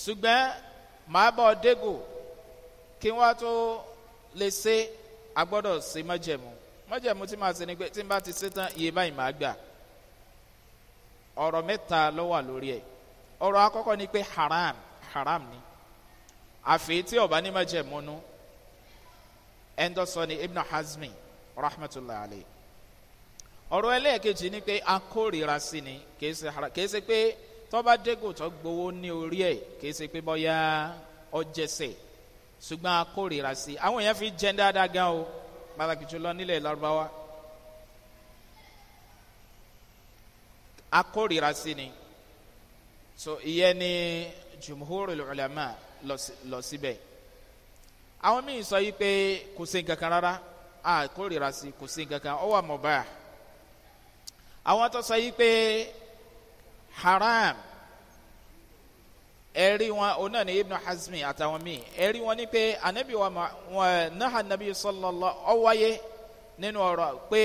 Speaker 1: ṣùgbọ́n màá bọ̀ dégò kí wọ́n tó lè ṣe agbọ́dọ̀ ṣe mọ́jẹ̀mú mọ́jẹ̀mú tí màá ṣe ni pé tí n bá ti ṣe tán iye báyìí màá gbà ọ̀rọ̀ mẹ́ta ló wà lórí ẹ̀ ọ̀rọ̀ akọ́kọ́ ni pé haram haram ni àfẹ́yí tí ọba ní májẹ̀mú nú ẹ̀ńdọ́sọ ni ibn hazmi rahmatulahi alayhi ọ̀rọ̀ ẹlẹ́ẹ̀kejì ni pé akórira sí ni kìí ṣe pé tọ́ba dégò tó gbowó ní orí ẹ̀ kìí ṣe pé bọ́yá ọjẹsẹ̀ ṣùgbọ́n akórira sí àwọn èèyàn fi jẹ́ dáadáa gan o pàtàkì jùlọ nílẹ̀ lárúbáwá akórira sí ni so ìyẹn ni jumhurul ulama lọ síbẹ̀ àwọn míì sọ yìí pé kò sí nǹkan kan rárá a kórìíra sí kò sí nǹkan kan ó wà mọ̀bá àwọn tó sọ yìí pé haram ẹ̀rí wọn òun náà ní ibnu hazmi àtàwọn míì ẹ̀rí wọn ni pé anabi wa ma wọn náà anabi sọlọlọ ọwáyé nínú ọ̀rọ̀ pé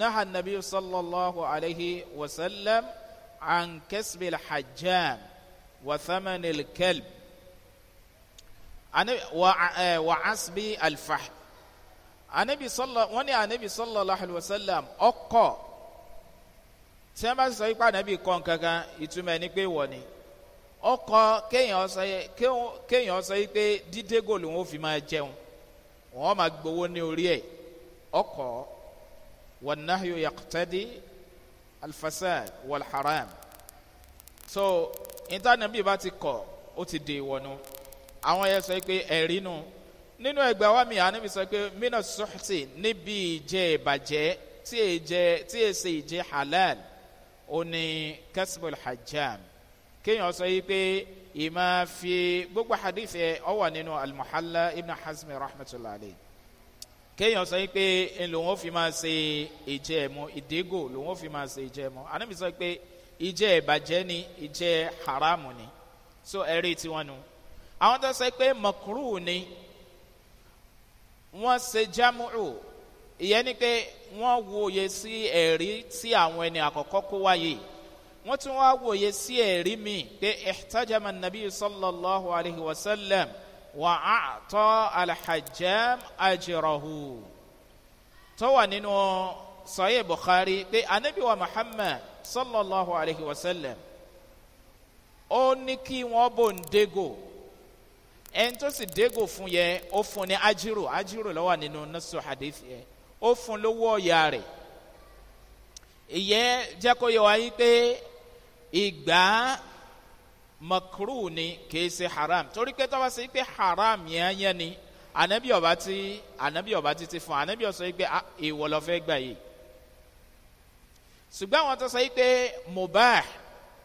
Speaker 1: náà anabi sọlọlọ aleyhi wasalam ankesbil hajjam wathamanil kelb anabi wa ẹ eh, wa asbi alfa anabi sọlọ wọn ni anabi sọlọ alayhi wa sallam ọkọ tí wọn bá sọ yípa anabi kọ nkankan ìtumọ̀ ẹni pé wọ ni ọkọ kéèyàn sọ yẹ kéèyàn sọ yí pé dídé gòlù wọn fi máa jẹun wọn máa gbowó ní orí ẹ ọkọ wọn náà yóò yàtọ̀dí alfasad wal haram so ìtànàbí bá ti kọ ó ti dè wọnú. No? àwọn yẹn sọ pé ẹ̀rí nù nínú ẹgbẹ́ wa mi ànábi sọ pé mina sọ́ọ̀tì níbi ìjẹ́ ìbàjẹ́ tí è jẹ́ tí è ṣe ìjẹ́ halal ó ní kẹ́sìbọ̀l hajjam kéèyàn sọ yìí pé ìmọ̀ fi gbogbo hadìfẹ́ ọ wà nínú alimuhala ibn hazmi rahmatulahi kéèyàn sọ yìí pé lòun ó fi máa ṣe ìjẹ́ ẹ̀mú ìdígò lòun ó fi máa ṣe ìjẹ́ ẹ̀mú ànábi sọ pé ìjẹ́ ìbàjẹ́ ni ìjẹ́ haramu ni so ẹ̀rí tiwọn nù àwọn tó sọ pé mọ̀kúrú ni wọ́n ṣe jámúrù ìyẹn ni pé wọ́n wòye sí ẹ̀rí tí àwọn ẹni àkọ́kọ́ kó wáyé wọ́n tún wá wòye sí ẹ̀rí mi pé ìtajàmà nàbí sallallahu alayhi wa sallam wà á tọ́ alhajjam ajirahu tó wà nínú sọyẹ bukhari pé anabi wa muhammad sallallahu alayhi wa sallam ó ní kí wọ́n bò ń dégò ẹni tó sì dégò fún yẹ ó fún ní ajiro ajiro lọ́wọ́ nínú nọ́ọ̀sì hadith yẹ ó fún lówó ọ̀yà rẹ̀ ìyẹn jẹ́ yẹ wá pé ìgbà makru ni kìí ṣe haram torí pé tọ́wọ́ sí pé haram yẹn yẹn ni anabi ọba ti anabi ọba ti ti fún anabi ọsọ yìí pé ah, ìwọ gbà yìí ṣùgbọ́n àwọn tó sọ yìí pé mubah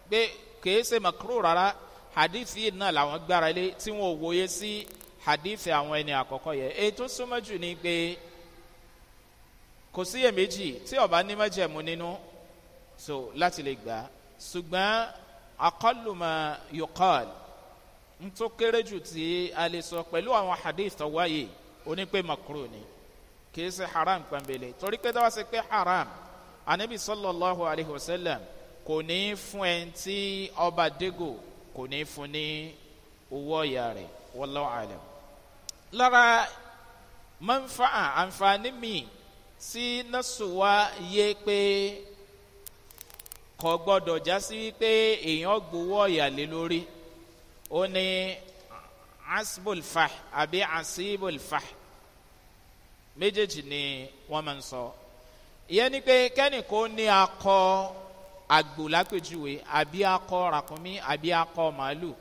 Speaker 1: pé kìí ṣe makru rárá hadithi náà làwọn gbára lé tí wọn ò wòye sí hadithi àwọn ẹni àkọ́kọ́ yẹn èyí tó súnmọ́ jù ni pé kò síyèméjì tí ọba ní májẹ̀mú nínú so láti lè gbà ṣùgbọ́n akọ́lùmọ̀ yòókọ́l ń tó kéré jù tí a lè sọ pẹ̀lú àwọn hadith tó wáyé onípe makuro ni kì í ṣe haram pẹ̀mbẹ̀lẹ̀ torí pé dáwọ́ sí pé haram anabi sallallahu alayhi wa sallam kò ní fún ẹ̀ ń ọba dégò kò ní fún ní owó ọ̀yà rẹ̀ wọ́lọ́ àlẹ́. lára mọ́nfà àǹfààní mi sí nọ́sùwá yé pé kò gbọ́dọ̀ já sí wípé èèyàn gbowó ọ̀yà lé lórí ó ní asibulfa àbí asibulfa méjèèjì ni wọ́n máa ń sọ ìyẹn ni pé kẹ́nìkó ní akọ. àgbò lápèjúwe àbí akọ ràkúnmí àbí akọ màálù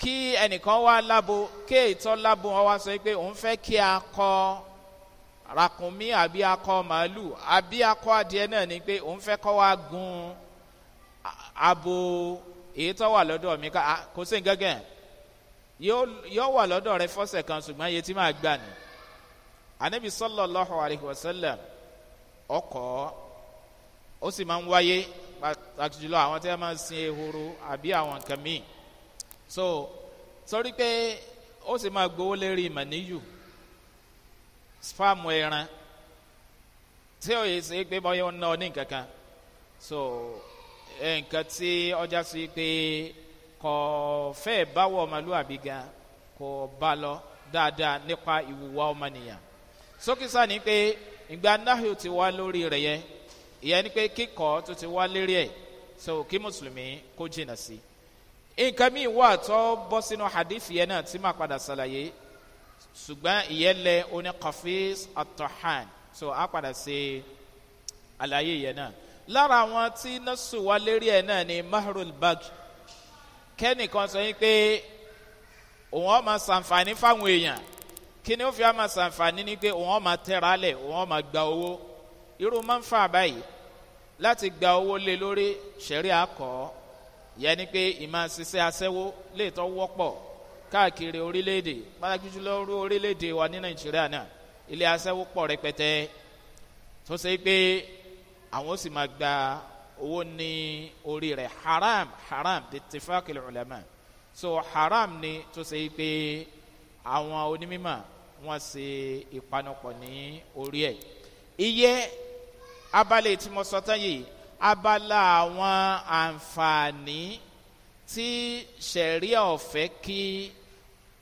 Speaker 1: kí ẹnìkan wá lábo kí ètò lábo wọn wá sọ pé òun fẹ́ kí akọ ràkúnmí àbí akọ màálù àbí akọ adìẹ náà ni pé òun fẹ́ kọ́ wá gun abo èyí tó wà lọ́dọ̀ mi kò sí gángan yóò wà lọ́dọ̀ rẹ fọ́sẹ̀ kan ṣùgbọ́n iye tí máa gbà ní. anabi sọlọ lọ́hùn àríwọ̀sẹ́lẹ̀ ọkọ̀ ó sì máa ń wáyé pàtàkì jùlọ àwọn tí wọ́n máa ń sin ehoro àbí àwọn nǹkan míì so sọrí pé ó sì máa gbowó lérí màníyù fáàmù ẹran tí ó yẹ ṣe pé bọ́yá ó ná ọ ní nǹkan kan so nǹkan tí ọjà sọ yìí pé kò fẹ́ báwọ̀ ọmọlúwàbí gan kò bá lọ dáadáa nípa ìwùwà ọmọnìyàn sókè sáà ni pé ìgbà náà yóò ti wá lórí rẹ̀ yẹn ìyẹn ni pé kíkọ́ tó ti wá lérí ẹ̀ so kí mùsùlùmí kó jìnnà sí i nǹkan míì wà tó bọ́ sínú hadithi yẹn náà tí màá padà ṣàlàyé ṣùgbọ́n ìyẹn lẹ oní kọfíìs àtọ̀hán so a padà ṣe àlàyé yẹn náà lára àwọn tí nọ́ọ̀sù wá lérí ẹ̀ náà ni mahrul bag kẹ́nìkan sọ yín pé òun ọ̀ máa fáwọn èèyàn kí ni ó fi á máa ṣàǹfààní ni pé òun ọ̀ tẹ́ra lẹ̀ òun ọ̀ gba owó irú mọ́nfà báyìí láti gba owó lé lórí ṣẹ̀rí àkọ́ yẹn ni pé ìmọ̀ ṣiṣẹ́ aṣẹ́wó lè tọ́ wọ́pọ̀ káàkiri orílẹ̀-èdè pàtàkì jùlọ orú orílẹ̀-èdè wa ní nàìjíríà náà ilé aṣẹ́wó pọ̀ rẹpẹtẹ tó ṣe pé àwọn ó sì máa gba owó ní orí rẹ̀ haram haram di tefakil ulama so haram ni tó ṣe pé àwọn onímọ̀ wọn ṣe ìpanupọ̀ ní orí ẹ̀ iye abala tí mo sọ tán yìí abala àwọn àǹfààní tí sẹ̀ríà ọ̀fẹ́ kí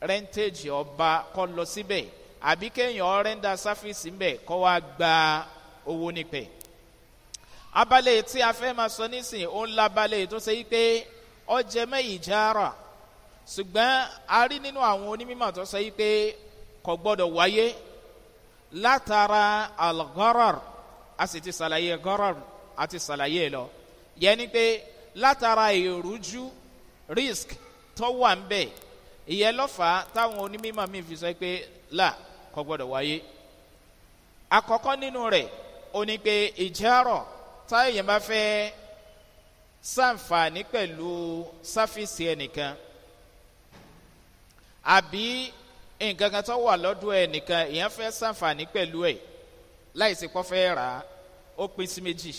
Speaker 1: rẹ́ńtéèjì ọba kọ́ lọ síbẹ̀ àbí kéèyàn rẹ́ńdà sáfíìsì ńbẹ̀ kọ́ wá gba owó nípẹ̀. abala tí a fẹ́ máa sọ nísìnyí ó ń labala tó ṣe pé ọjẹ́ mẹ́yìí jára ṣùgbọ́n a rí nínú àwọn onímọ̀ tó ṣe pé kò gbọ́dọ̀ wáyé látara alghorar a sì ti ṣàlàyé gọ́rọ̀r a ti ṣàlàyé lọ yẹn ni pé látara ìrújú risk tó wà ń bẹ̀ ìyẹn lọ́fà táwọn onímọ̀ mi fi sọ pé là kọ́ gbọ́dọ̀ wáyé àkọ́kọ́ nínú rẹ̀ o ní pé ìjárọ̀ táyẹ̀yẹ̀ bá fẹ́ sàǹfààní pẹ̀lú sáfíìsì ẹnìkan àbí nǹkan kan tó wà lọ́dún ẹnìkan ìyẹn fẹ́ sàǹfààní pẹ̀lú ẹ̀ láìsí kọ́ fẹ́ rà á ó pín sí méjì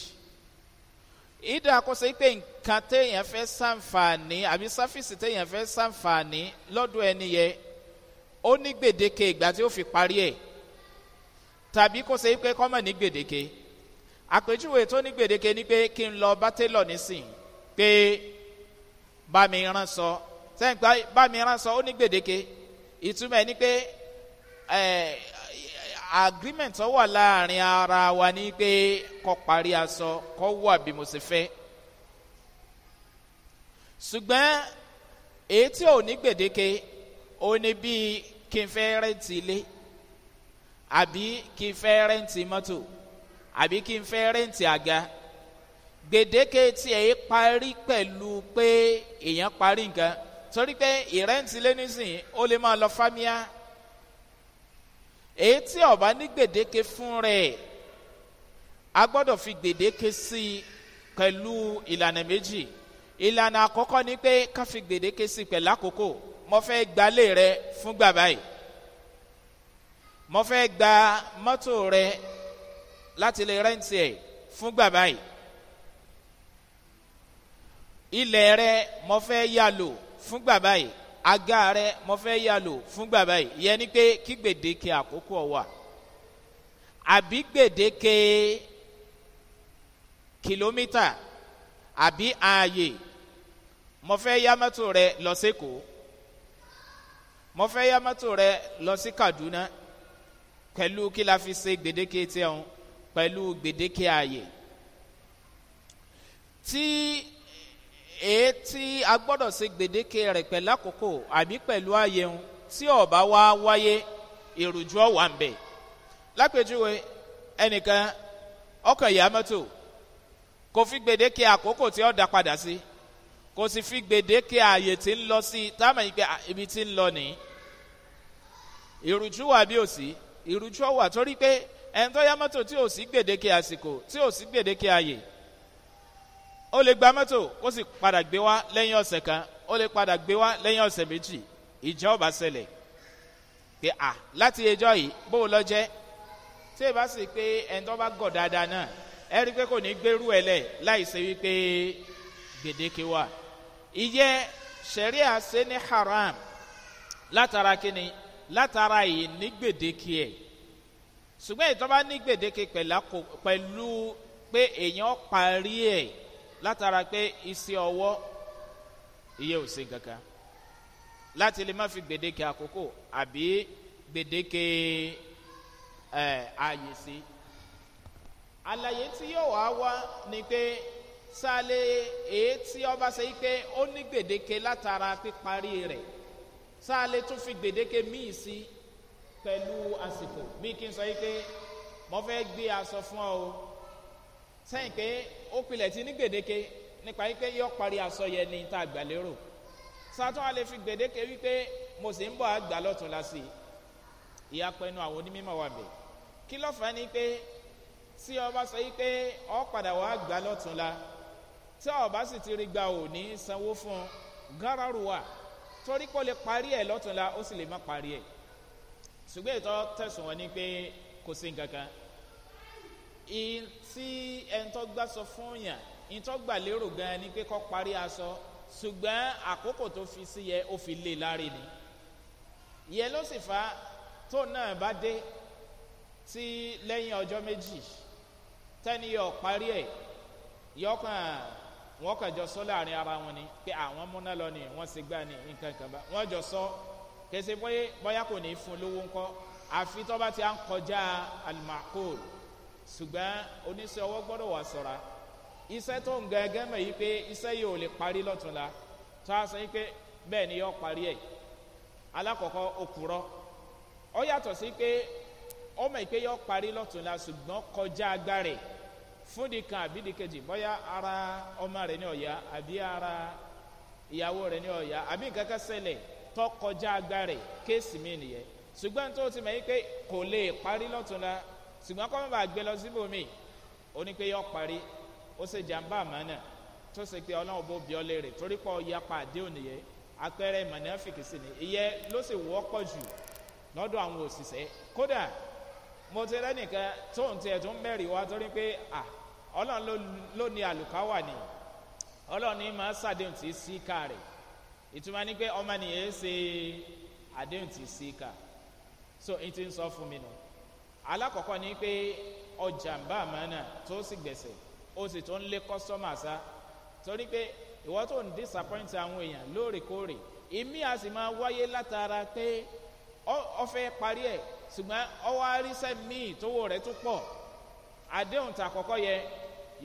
Speaker 1: ìdá kó sẹ́ pé nǹkan téèyàn fẹ́ sàǹfààní àbí sáfíìsì téèyàn fẹ́ sàǹfààní lọ́dọ̀ ẹni yẹn ó ní gbèdéke ìgbà tí ó fi parí ẹ̀ tàbí kó sẹ́ pé kọ́mọ̀ ní gbèdéke àpèjúwe tó ní gbèdéke ni pé kí n lọ bá télọ̀ nísìn pé bá mi rán sọ sẹ́yìn pé bá mi rán sọ ó ní gbèdéke ìtumọ̀ ẹ̀ ni pé ẹ̀ẹ́ agreement tó wà láàrin ara wa ni pé kọ́ parí aṣọ kọ́ wà bí mo ṣe fẹ́ ṣùgbọ́n èyí tí ò ní gbèdéke ó ní bíi kí n fẹ́ rẹ́ǹtì ilé àbí kí n fẹ́ rẹ́ǹtì mọ́tò àbí kí n fẹ́ rẹ́ǹtì àga gbèdéke tí èyí parí pẹ̀lú pé èèyàn parí nǹkan torí pé ìrẹ́ǹtì lé nísìnyí ó lè máa lọ fámíà èyí tí ọba ní gbèdéke fún rẹ̀ a gbọ́dọ̀ fi gbèdéke sí i pẹ̀lú ìlànà méjì ìlànà àkọ́kọ́ ni pé ká fi gbèdéke sí i pẹ̀lú àkókò mo fẹ́ gbalé rẹ fún gbà báyìí mo fẹ́ gba mọ́tò rẹ láti lè rẹ́ǹtì ẹ̀ fún gbà báyìí ilẹ̀ rẹ mo fẹ́ yá fún gbà báyìí aga rẹ mo fẹ́ yà lò fúngbà báyìí yẹ ni pé kí gbèdéke àkókò ọ wà àbí gbèdéke kìlómítà àbí ààyè mo fẹ́ yá mọ́tò rẹ lọ sẹ́kọ̀ọ́ mo fẹ́ yá mọ́tò rẹ lọ sí kaduna pẹ̀lú kí la fi ṣe gbèdéke tiẹ̀ hàn pẹ̀lú gbèdéke ààyè tí èé tí a gbọ́dọ̀ ṣe gbèdéke rẹ̀ pẹ̀lú àkókò àbí pẹ̀lú àyẹ̀hún tí ọ̀bá wá wáyé èròjú ọ̀wà ń bẹ̀. lápèjúwe ẹnìkan ọkọ̀ ìyá mọ́tò kò fi gbèdéke àkókò tí ó da padà sí kò sì fi gbèdéke ààyè tí ń lọ sí táwọn ìgbà ibi tí ń lọ ní. èròjú wà bí òsì èròjú ọ̀wà torí pé ẹni tó yá mọ́tò tí ò sí gbèdéke àsìkò tí ò sí gbèdéke ààyè ó lè gba mọ́tò kó sì padà gbé wá lẹ́yìn ọ̀sẹ̀ kan ó lè padà gbé wá lẹ́yìn ọ̀sẹ̀ méjì ìjà ọba ṣẹlẹ̀ pé à láti ẹjọ́ yìí bó o lọ jẹ́ tí ì bá sì pé ẹni tó bá gọ̀ dáadáa náà ẹ rí i pé kò ní gbérú ẹ lẹ̀ láì ṣe wípé gbèdéke wà ìyẹn sẹ̀ríà ṣe ní haram látara kíni látara yìí ní gbèdéke ẹ̀ ṣùgbọ́n ìtọ́ bá ní gbèdéke pẹ̀lú pé èèyàn parí ẹ̀ látara pé iṣẹ́ ọwọ́ iye ò sí kankan láti lè má fi gbèdéke àkókò àbí gbèdéke ẹ ààyè sí. àlàyé tí yóò wá wá ni pé sálẹ̀ èyí tí ọba ṣe yí pé ó ní gbèdéke látara píparí rẹ̀ sálẹ̀ tún fi gbèdéke míì sí pẹ̀lú àsìkò bí kí n sọ yí pé mo fẹ́ gbé aṣọ fún ọ o sẹ́yìn pé ó pilẹ̀ ti ní gbèdéke nípa wípé yọ parí aṣọ yẹn ní tá a gbà lérò sátún a lè fi gbèdéke wípé mo sì ń bọ̀ àgbà lọ́tún lásì ìyapẹ́ inú àwọn onímọ̀ wà bẹ̀ kí ló fà ní pé tí ọba sọ wípé ọ padà wà àgbà lọ́tún la tí ọba sì ti rí gba òní sanwó fún un gáràrú wa torí kó lè parí ẹ̀ lọ́tún la ó sì lè má parí ẹ̀ ṣùgbọ́n ìtọ́ tẹ̀sùn wọn ni pé kò sí nǹkan kan tí ẹnitọ́ gbà sọ fún yàn ìtọ́ gbà lérò gan ni pé kọ́ parí aṣọ ṣùgbọ́n àkókò tó fi sí yẹ ó fi lé e lárí ni yẹ ló sì fa tó náà bá dé tí lẹ́yìn ọjọ́ méjì tẹ́ni yọ parí ẹ̀ yọkàn wọn kàn jọ sọ láàrin ara wọn ni pé àwọn múná lọ ni wọn sì gbà ní nǹkan kan bá wọn jọ sọ kèsì bóyá kò ní fún lówó ńkọ àfi tọ́ bá ti à ń kọjá alimakol. ṣùgbọ́n oníṣẹ́ ọwọ́ gbọ́dọ̀ wà sọ̀ra iṣẹ́ tó ń gẹ́gẹ́ mọ̀ yìí pé iṣẹ́ yìí ò lè parí lọ́túnla tó a sọ yìí pé bẹ́ẹ̀ ni parí ẹ̀ alákọ̀ọ́kọ́ òkúrọ́ ọ yàtọ̀ sí pé ọmọ yìí pé parí ṣùgbọ́n kọjá kan àbí ara ọmọ rẹ̀ ní ọ̀yà àbí ara ìyàwó rẹ̀ ní ọ̀yà àbí kọjá kéésì mi nìyẹn ṣùgbọ́n tó ti mọ̀ yìí pé kò lè parí ṣùgbọ́n kọ́ bàbá gbé lọ síbòmí ó ní pé yọ parí ó ṣe jàǹbá àmọ́nà tó ṣe pé ọlọ́run bó bí ọ léèrè torí pọ̀ yapa àdéhùn nìyẹn apẹ́rẹ́ mọ̀nẹ́fìkì sí ni ìyẹn ló sì wọ́pọ̀ jù lọ́dọ̀ àwọn òṣìṣẹ́ kódà mo ti rẹ́nìkan tiẹ̀ tó ń mẹ́rì wá torí pé à ọlọ́run ló ní ọlọ́run ní máa ṣàdéhùn tí sí ká rẹ̀ ìtumọ̀ ni pé ọmọ nìyẹn ṣe àdéhùn tí sí ká so alákọ̀ọ́kọ́ ni pé ọjà ń bá àmàna tó sì gbẹ̀sẹ̀ ó sì tó ń lé kọ́sọ́mà sá torí pé ìwọ́n tó ń disappoint àwọn èèyàn lóòrèkóòrè ìmí a sì máa wáyé látara pé ọfẹ́ parí ẹ̀ ṣùgbọ́n ọwọ́ arísẹ́ míì tówó rẹ̀ tó pọ̀ àdéhùn tà kọ́kọ́ yẹ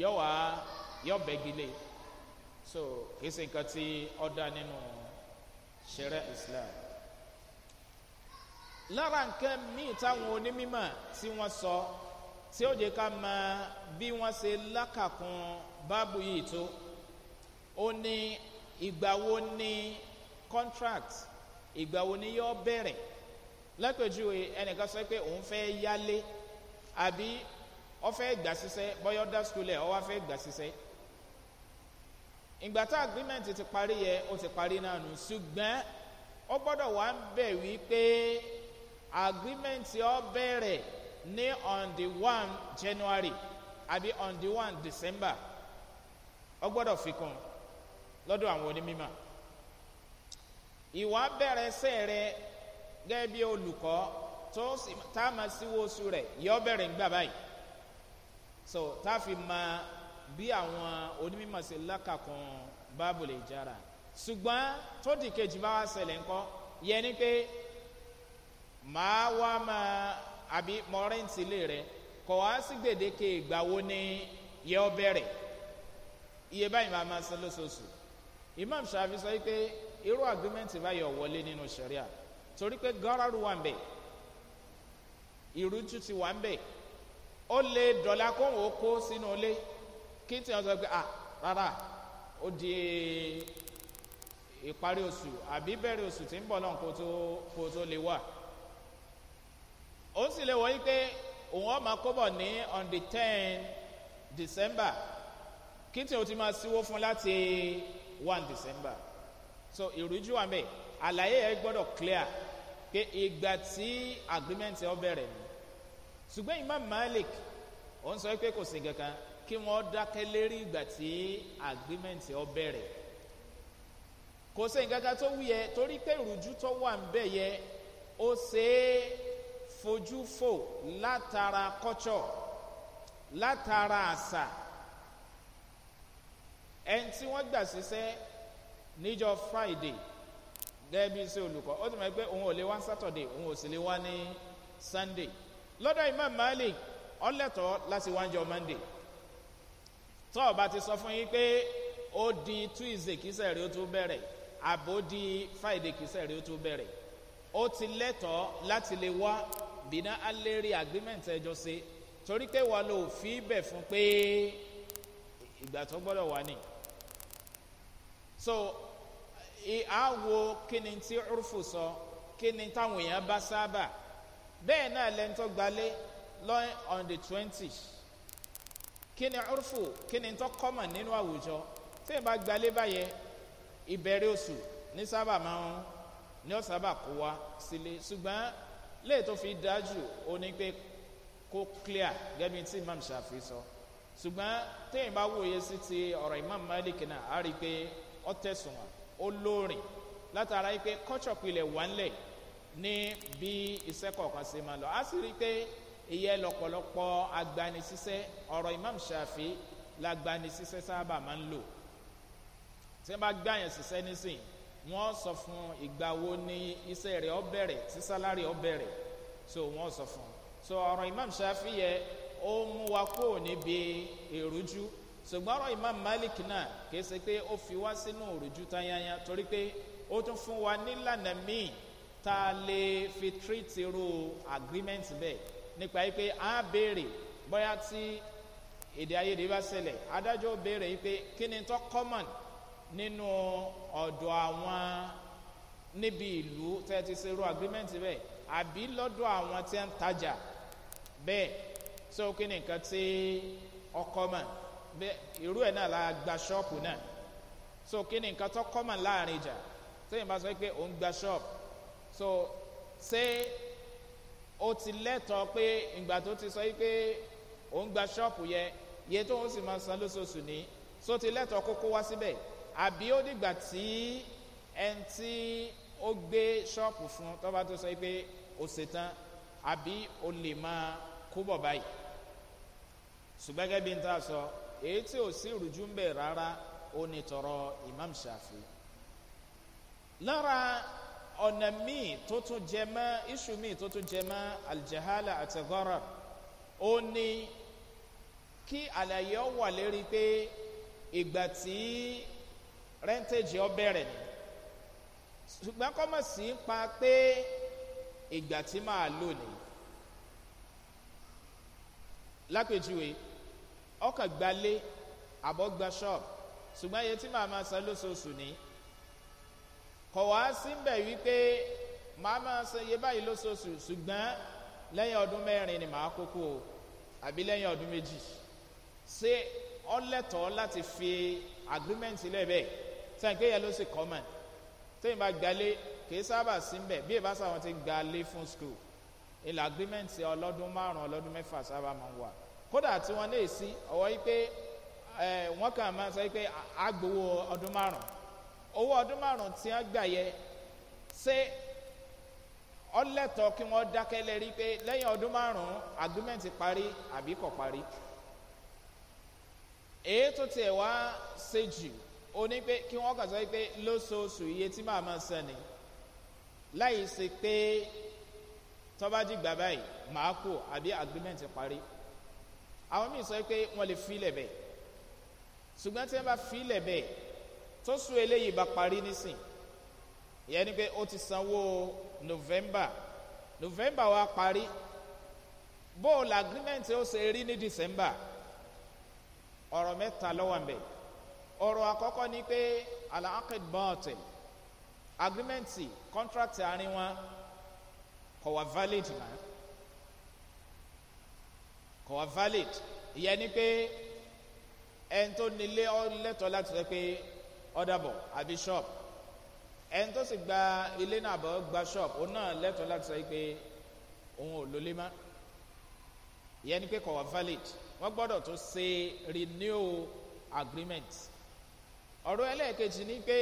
Speaker 1: yọ wá yọ bẹ́gilé so kìí ṣe nǹkan tí ọ̀dà nínú ṣẹ̀rẹ̀ islam lára nǹkan míì táwọn onímọ̀ tí wọ́n sọ tí ó jẹ́ ká mọ bí wọ́n ṣe lákàkún báàbù yìí tó ó ní ìgbà wo ni contract ìgbà wo ni yóò bẹ̀rẹ̀ lápèjúwe ẹnìkan sọ pé òun fẹ́ yálé àbí ọ fẹ́ gbà sísẹ́ bọ́yọ̀ dá skulẹ̀ ọ wá fẹ́ gbà sísẹ́ ìgbà agreement ti parí yẹ ó ti parí náà nù ṣùgbọ́n ó gbọ́dọ̀ wá ń bẹ̀ wí pé agreement ọ bẹ̀rẹ̀ ní on the one january àbí on the one december ọ gbọ́dọ̀ fi kún lọ́dọ̀ àwọn onímọ̀ ìwà bẹ̀rẹ̀ sẹ́ rẹ gẹ́gẹ́ bí olùkọ́ tó tá a máa síwó oṣù rẹ̀ yọ bẹ̀rẹ̀ ńgbà báyìí so tá a fi mọ bí àwọn onímọ̀ sí lákàkún báàbò lè jára ṣùgbọ́n tó di kejì bá wá ṣẹlẹ̀ ńkọ́ yẹ ni pé màá wá máa àbí mọ rẹ́ǹtì ilé rẹ kọ̀ wá sí gbèdéke ìgbà wo yẹ ọ bẹ̀rẹ̀ iye báyìí máa máa san lóṣooṣù imam shafi sọ pé irú agreement báyìí ọ̀ wọlé nínú sẹ̀ríà torí pé gọ́rọ́rù wà ń bẹ̀ ìrújú ti wà ń bẹ̀ ó lè dọ̀là kó wọ́n kó sínú ilé kí tí wọ́n sọ pé ah rárá ó di ìparí oṣù àbí bẹ̀rẹ̀ oṣù tí ń bọ̀ náà kó tó lè wà ó sì lè wọ́n yí pé òun ọmọ kóbọ̀ ní on the ten december kí tí o ti máa síwó fún láti one december so ìrújú wa mẹ́ àlàyé yẹn gbọ́dọ̀ clear pé ìgbà tí agreement ọ bẹ̀rẹ̀ ni ṣùgbọ́n imam malik ó ń sọ pé kò sí kankan kí wọ́n dákẹ́ lérí ìgbà tí agreement ọ bẹ̀rẹ̀ kò sí nǹkan kan tó wúyẹ torí pé ìrújú tó wà ń bẹ̀ yẹ ó ṣe é fojú fò látara kọ́tsọ̀ látara àṣà ẹni tí wọ́n gbà síṣẹ́ níjọ friday gẹ́gẹ́ bí iṣẹ́ olùkọ́ ó ti mọ̀ pé òun ò lè wá saturday òun ò sì lè wá ní sunday lọ́dọ̀ imam malik ọlẹ́tọ̀ láti wá jọ monday tọ́ ọba ti sọ fún yín pé ó di tuesday kìsẹ̀ rí ó tún bẹ̀rẹ̀ àbó di friday kìsẹ̀ rí ó tún bẹ̀rẹ̀ ó ti lẹ́tọ̀ láti lè wá Bina alérí agreement ẹjọ́ ṣe torí pé wọ́n lò fi bẹ̀ fún pé ìgbà tó gbọ́dọ̀ wà ní. so àwo kí ni tí urfu sọ kí ni táwọn èèyàn bá sábà bẹ́ẹ̀ náà lẹ́ńtọ́ gbalé lọ́n on the twenty kí ni urfu kí ni tó kọ́mọ̀ nínú àwùjọ tí ìbá gbalé báyẹn ìbẹ̀rẹ̀ oṣù ní sábà máa ń ní ọ̀sábà kó wa sílé ṣùgbọ́n léè tó fi dájú ó ní pé kó clear gẹ́gẹ́ tí imam ṣàfi sọ ṣùgbọ́n téèyàn bá wòye sí ti ọ̀rọ̀ imam malik náà á rí i pé ọ tẹ̀sùn wọn ó lóorìn látara pé culture pilẹ̀ wà ńlẹ̀ ní bí iṣẹ́ kọ̀ọ̀kan ṣe máa lọ á sì rí i pé ìyẹn lọ̀pọ̀lọpọ̀ agbanisíṣẹ́ ọ̀rọ̀ imam ṣàfi lagbanisíṣẹ́ sábà máa ń lò tí wọ́n bá gbàyàn ṣiṣẹ́ nísìnyí wọ́n sọ fún ìgbà wo ni iṣẹ́ rẹ̀ ọ bẹ̀rẹ̀ sí sálárì ọ bẹ̀rẹ̀ so wọ́n sọ fún so ọ̀rọ̀ imam shafi yẹ ó mú wa kó níbi èrújú ṣùgbọ́n ọ̀rọ̀ imam malik náà kì í ṣe pé ó fi wá sínú òrùjú tayanya torí pé ó tún fún wa nílànà míì tá a lè fi treat irú agreement bẹ́ẹ̀ nípa yìí pé a béèrè bóyá tí èdè ayédè bá ṣẹlẹ̀ adájọ́ béèrè yìí pé kí ni tó common nínú ọ̀dọ̀ àwọn níbi ìlú tẹ́ ti ṣe irú agreement bẹ́ẹ̀ àbí lọ́dọ̀ àwọn tí ń tajà bẹ́ẹ̀ tí o kí ni nǹkan tí ọkọ mọ̀ bẹ́ẹ̀ irú ẹ̀ náà la gba ṣọ́ọ̀pù náà so kí ni nǹkan tó kọ́ mọ̀ láàrin ìjà sẹ́yìn bá sọ pé òun gba ṣọ́ọ̀pù so ṣé ó ti lẹ́tọ̀ọ́ pé ìgbà tó ti sọ pé òun gba ṣọ́ọ̀pù yẹ iye tó ń sì máa san lóṣooṣù ní so ti lẹ́tọ̀ọ́ kókó wá síbẹ̀ àbí ó dìgbà tí ẹni tí ó gbé ṣọ́ọ̀pù fún tọ́ba tó sọ pé ó ṣetán àbí ó lè máa kó bọ̀ báyìí ṣùgbọ́n gẹ́gẹ́ bí n ta sọ èyí tí ò sí ìrújú ń bẹ̀ rárá ó ní tọrọ imam ṣàfi lára ọ̀nà míì tó tún jẹ mọ́ iṣu míì tó tún jẹ mọ́ aljahala àti gọ́rọ̀ ó ní kí àlàyé wà lérí pé ìgbà tí rẹ́ńtẹ̀jì ọbẹ̀rẹ̀ ni ṣùgbọ́n kọ́mọ̀ sí pa pé ìgbà tí màá lò ní lápèjúwe ọkàn gbalé àbọ̀gba ṣọ́ọ̀bù ṣùgbọ́n iye tí màá máa san lóṣooṣù ní kọ̀ wá síbẹ̀ wípé màá máa san iye báyìí lóṣooṣù ṣùgbọ́n lẹ́yìn ọdún mẹ́rin ni màá kókó o àbí lẹ́yìn ọdún méjì ṣé ọlẹ́tọ̀ọ́ láti fi agreement lẹ́bẹ̀ẹ́ sẹ́yìn pé yẹn ló sì kọ́mọ̀ tẹ́yìn bá gbalé kì í sábà sí mbẹ̀ bí ìbá sáwọn ti gbalé fún school ìlà agreement ọlọ́dún márùn ọlọ́dún mẹ́fà sábà máa ń wà kódà tí wọ́n lè sí ọ̀wọ́ yìí pé wọ́n kàn máa sọ pé agbowó ọdún márùn owó ọdún márùn tí wọ́n gbà yẹ ṣé ọlẹ́tọ̀ kí wọ́n dákẹ́ lẹ́rí pé lẹ́yìn ọdún márùn agreement parí àbí kò parí èyí tó tiẹ̀ wá ṣe jù oní pé kí wọ́n kàn sọ pé lóṣooṣù iye tí màá máa san ni láì ṣe pé tọ́ba dìgbà báyìí màá kú àbí agreement parí àwọn míì sọ pé wọ́n lè filẹ̀ bẹ́ẹ̀ ṣùgbọ́n tí wọ́n bá filẹ̀ bẹ́ẹ̀ tó sùn eléyìí bá parí nísìn ìyẹn ni pé ó ti sanwó november november wa parí bóòlù agreement ó ṣe rí ní december ọ̀rọ̀ mẹ́ta lọ́wọ́ mbẹ́ẹ̀ ọ̀rọ̀ àkọ́kọ́ ni pé alaqid bọ́ọ̀tẹ̀ agreement contract àárín wọn kò wá valid mọ́ kò wá valid ìyẹn ni pé ẹni tó nílé ọlẹ́tọ̀ láti sọ pé ọ̀dàbọ̀ àbí shop ẹni tó sì gba ilé náà bọ̀ gba shop òun náà lẹ́tọ̀ láti sọ pé òun ò lólé mọ́ ìyẹn ni pé kò wá valid wọ́n gbọ́dọ̀ tó ṣe renew agreement ọ̀rọ̀ ẹlẹ́ẹ̀kejì ni pé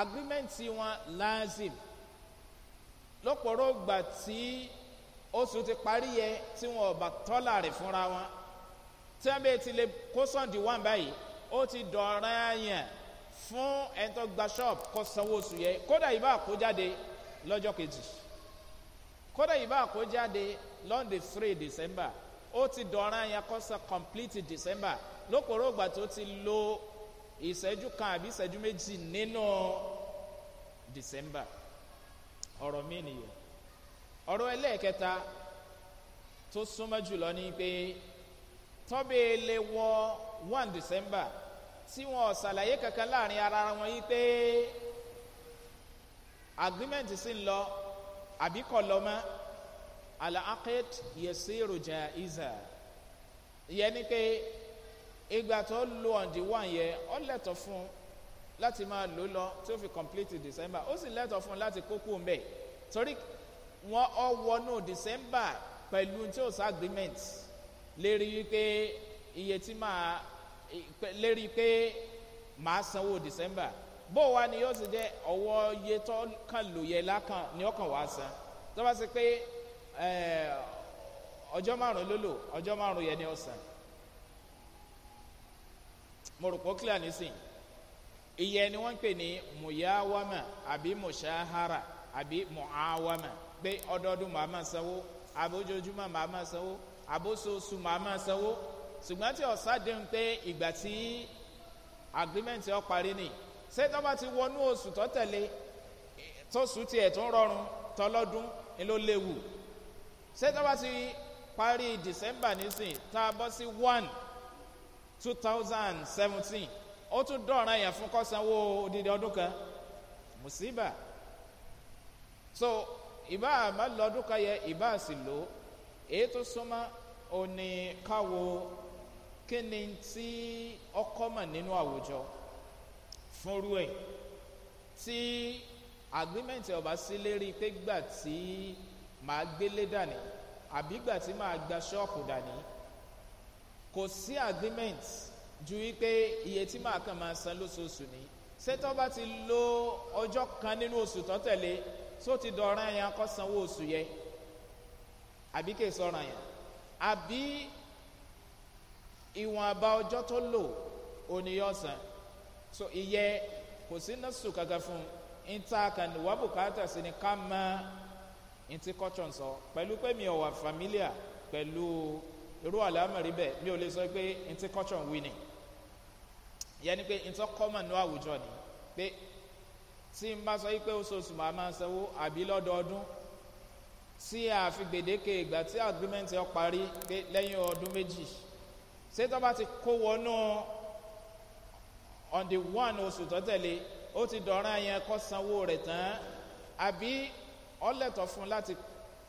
Speaker 1: agirimẹ́ǹtì wọn lazim lọ́pọ̀rọ̀ gbà tí oṣù ti parí yẹ tí wọn ọba tọ́lá rẹ̀ fúnra wọn tí wọn bẹ ti lè kó sọ̀ǹdì wọn báyìí ó ti dọ̀ọ̀rọ̀ yẹn fún ẹ̀ńtọ́ gba ṣọ́ọ̀bù kó sanwó oṣù yẹ kódà yìí bá kó jáde lọ́jọ́ kejì kódà yìí bá kó jáde lọ́ndẹ̀ three december ó ti dọ̀ọ̀rọ̀ yẹn kó san complete december lókòrò ìgbà tó ti lo ìṣẹ́jú kan àbí ìṣẹ́jú méjì nínú december ọ̀rọ̀ mi nìyẹn ọ̀rọ̀ ẹlẹ́ẹ̀kẹta tó súnmọ́ jùlọ ni pé tọ́bẹ̀ wọ one december tí wọn ṣàlàyé kankan láàrin ara wọn yìí pé agreement sì ń lọ àbí kọ lọ mọ alaakid yẹsẹ rojà iza ìyẹn pé ìgbà tó lo ọ̀ǹdí wà yẹn ọ lẹ́tọ̀ fún un láti máa lò lọ tí ó fi complete december ó sì lẹ́tọ̀ fún un láti kókó mbẹ́ torí wọn ọ wọnú december pẹ̀lú tí ó sá agreement lérí wípé iye tí máa lérí pé màá sanwó december bó wa ni yóò ti jẹ́ ọwọ́ iye tó kàn lò yẹ lákàn ni ọkàn wá san tó bá ṣe pé ọjọ́ márùn-ún ló lò ọjọ́ márùn-ún yẹn ni ó san mo rò pọ̀ clear nísìn ìyẹn ni wọ́n ń pè ní muyawama àbí mushahara àbí muawama pé ọdọọdún màá máa sanwó àbójoojúmọ́ màá máa sanwó àbóṣooṣù màá máa sanwó ṣùgbọ́n tí ọ̀sá dẹ́hùn pé ìgbà tí agreement ọ̀ parí ni ṣé tó bá ti wọnú oṣù tó tẹ̀lé tó sùn tiẹ̀ tó ń rọrùn tọlọ́dún ni ló léwu ṣé tó bá ti parí december nísìn tá a bọ́ sí one two thousand seventeen ó tún dọ̀ràn yẹn fún kọ́sanwó odidi ọdún kan musiba so ìbá àmà lọ́dún kan yẹ ìbá sì lò èyí tó súnmọ́ òní káwo kí ni tí ọkọ mọ̀ nínú àwùjọ fúnrú ẹ̀ tí agreement ọba sí lérí pé gbà tí màá gbélé dání àbí gbà tí màá gba ṣọ́ọ̀kù dání kò sí agreement ju wípé iye tí màá kàn máa san lóṣooṣù ni ṣètò bá ti lo ọjọ́ kan nínú oṣù tó tẹ̀lé tó ti dọ̀ràn yẹn kó sanwó oṣù yẹ àbí kè sọ̀ràn yẹn àbí ìwọ̀n àbá ọjọ́ tó lò oníyọ̀sán so ìyẹ kò sí nọ́ọ̀sù kankan fún níta kan wà bùkátà sí ni ká máa ntí kọ́tọ̀ sọ pẹ̀lú pé mi ò wà familiar pẹ̀lú irú àlámọ̀rí bẹ́ẹ̀ mi ò lè sọ pé n ti culture ń wí ni yẹn ni pé n tó common ní àwùjọ ni pé tí n bá sọ yí pé oṣooṣù màá máa sanwó àbí lọ́dọọdún tí a fi gbèdéke ìgbà tí agreement yọ parí pé lẹ́yìn ọdún méjì ṣé tó bá ti kó wọnú on the one oṣù tó tẹ̀lé ó ti dọ̀ràn yẹn kó sanwó rẹ̀ tán àbí ọlẹ́tọ̀ fún láti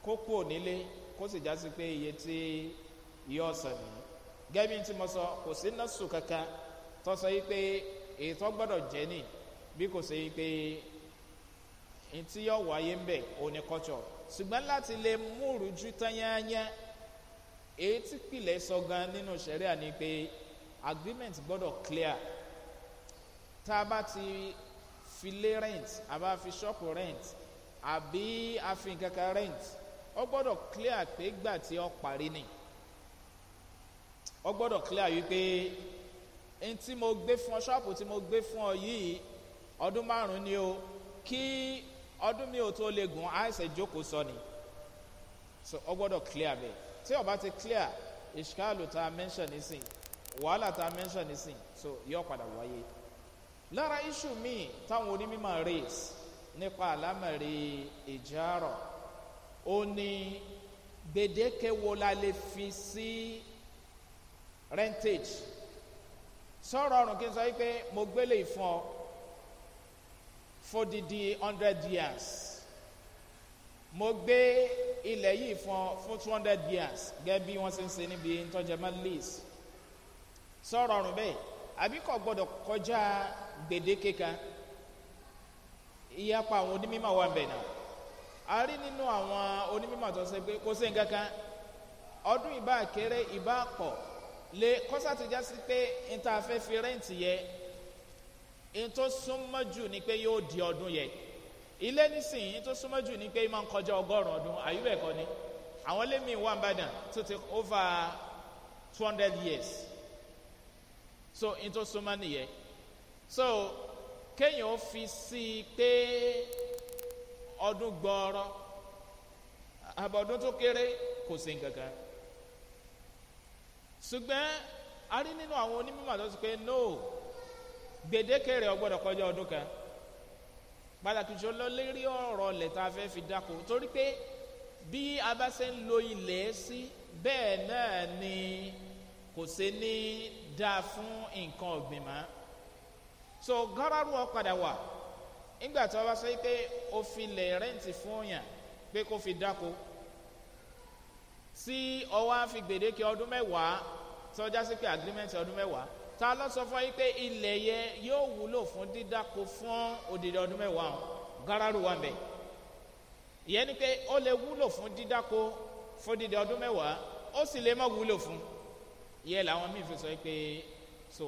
Speaker 1: kó kúrò nílé kó sì já sí pé iye tí yóò sọ nìyí gẹ́bí tí mo sọ kò sí nọ́ọ̀sù kankan tó sọ yìí pé ètò gbọ́dọ̀ jẹ́ ni bí kò sí yìí pé ntí yọ wáyé ń bẹ̀ òní kọ́tsọ̀ ṣùgbọ́n láti lè mú rújú tányányá èyí tí sọ gan nínú sẹ́ríà ni pé agreement gbọ́dọ̀ clear tá a bá ti filé rent àbá fi ṣọ́ọ̀pù rent àbí àfi nǹkan rent ó gbọ́dọ̀ clear pé gbà tí ó parí ni ọ gbọ́dọ̀ clear yìí pé n tí mo gbé fún ọ ṣọ́ọ̀pù tí mo gbé fún ọ yìí ọdún márùn-ún ni o kí ọdún mi ò tó lè gùn àìsàn ìjókòó sọ ni so ọ gbọ́dọ̀ clear bẹ́ẹ̀ tí ọba ti clear ìṣkáàlù tá a mention nísìn wàhálà tá mention nísìn so yóò padà wáyé lára iṣu míì táwọn onímọ̀ race nípa àlámẹ̀rẹ̀ ìjárọ̀ ó ní gbèdéke wo la lè fi sí. Si, rentage sọ̀rọ̀ ọ̀rùn kí n sọ wípé mo gbélé ìfún ọ years mo gbé ilẹ̀ yìí fún years gẹ́gẹ́ wọ́n ṣe ń ṣe níbi sọ̀rọ̀ bẹ́ẹ̀ gbọ́dọ̀ kọjá gbèdéke kan ìyapa àwọn onímọ̀ wà bẹ̀ náà a rí nínú àwọn onímọ̀ Le kọ́sà tó jásí pé n ta fẹ́ fi rẹ́ǹtì yẹ n tó súnmọ́ jù ni pé yóò di ọdún yẹ ilé nísìnyí tó súnmọ́ jù ni pé máa ń kọjá ọgọ́rùn ọdún àyùbẹ̀ kọ́ ni àwọn lẹ́mìí wà ń bàdàn tó ti over two hundred years so n tó súnmọ́ nìyẹn so kéèyàn ó fi sí i pé ọdún gbọ́ọ́rọ́ àbọ̀dún tó kéré kò sí nǹkan kan ṣùgbọ́n a rí nínú àwọn onímọ̀ tó sọ pé no gbèdéke rẹ̀ ọgbọ́dọ̀ kọjá ọdún kan pàtàkì jọlọ lérí ọ̀rọ̀ ilẹ̀ tá a fẹ́ fi dáko torí pé bí a bá ṣe ń lo ilẹ̀ sí bẹ́ẹ̀ náà ni kò ṣe ní dáa fún nǹkan ọ̀gbìn mọ́ so gáràrú ọ̀padà wà nígbà tí wọ́n bá sọ pé o lẹ̀ rẹ́ǹtì fún yàn pé kó fi dáko tí ọwọ́ á fi gbèdéke ọdún mẹ́wàá tọ́já sí pé agreement ọdún mẹ́wàá ta lọ sọ fún yín pé ilẹ̀ yẹ yóò wúlò fún dídáko fún òdìdí ọdún mẹ́wàá gararu wa mbẹ ìyẹn ni pé ó lè wúlò fún dídáko fún dídí ọdún mẹ́wàá ó sì lè má wúlò fún yẹ làwọn míì fi sọ pé so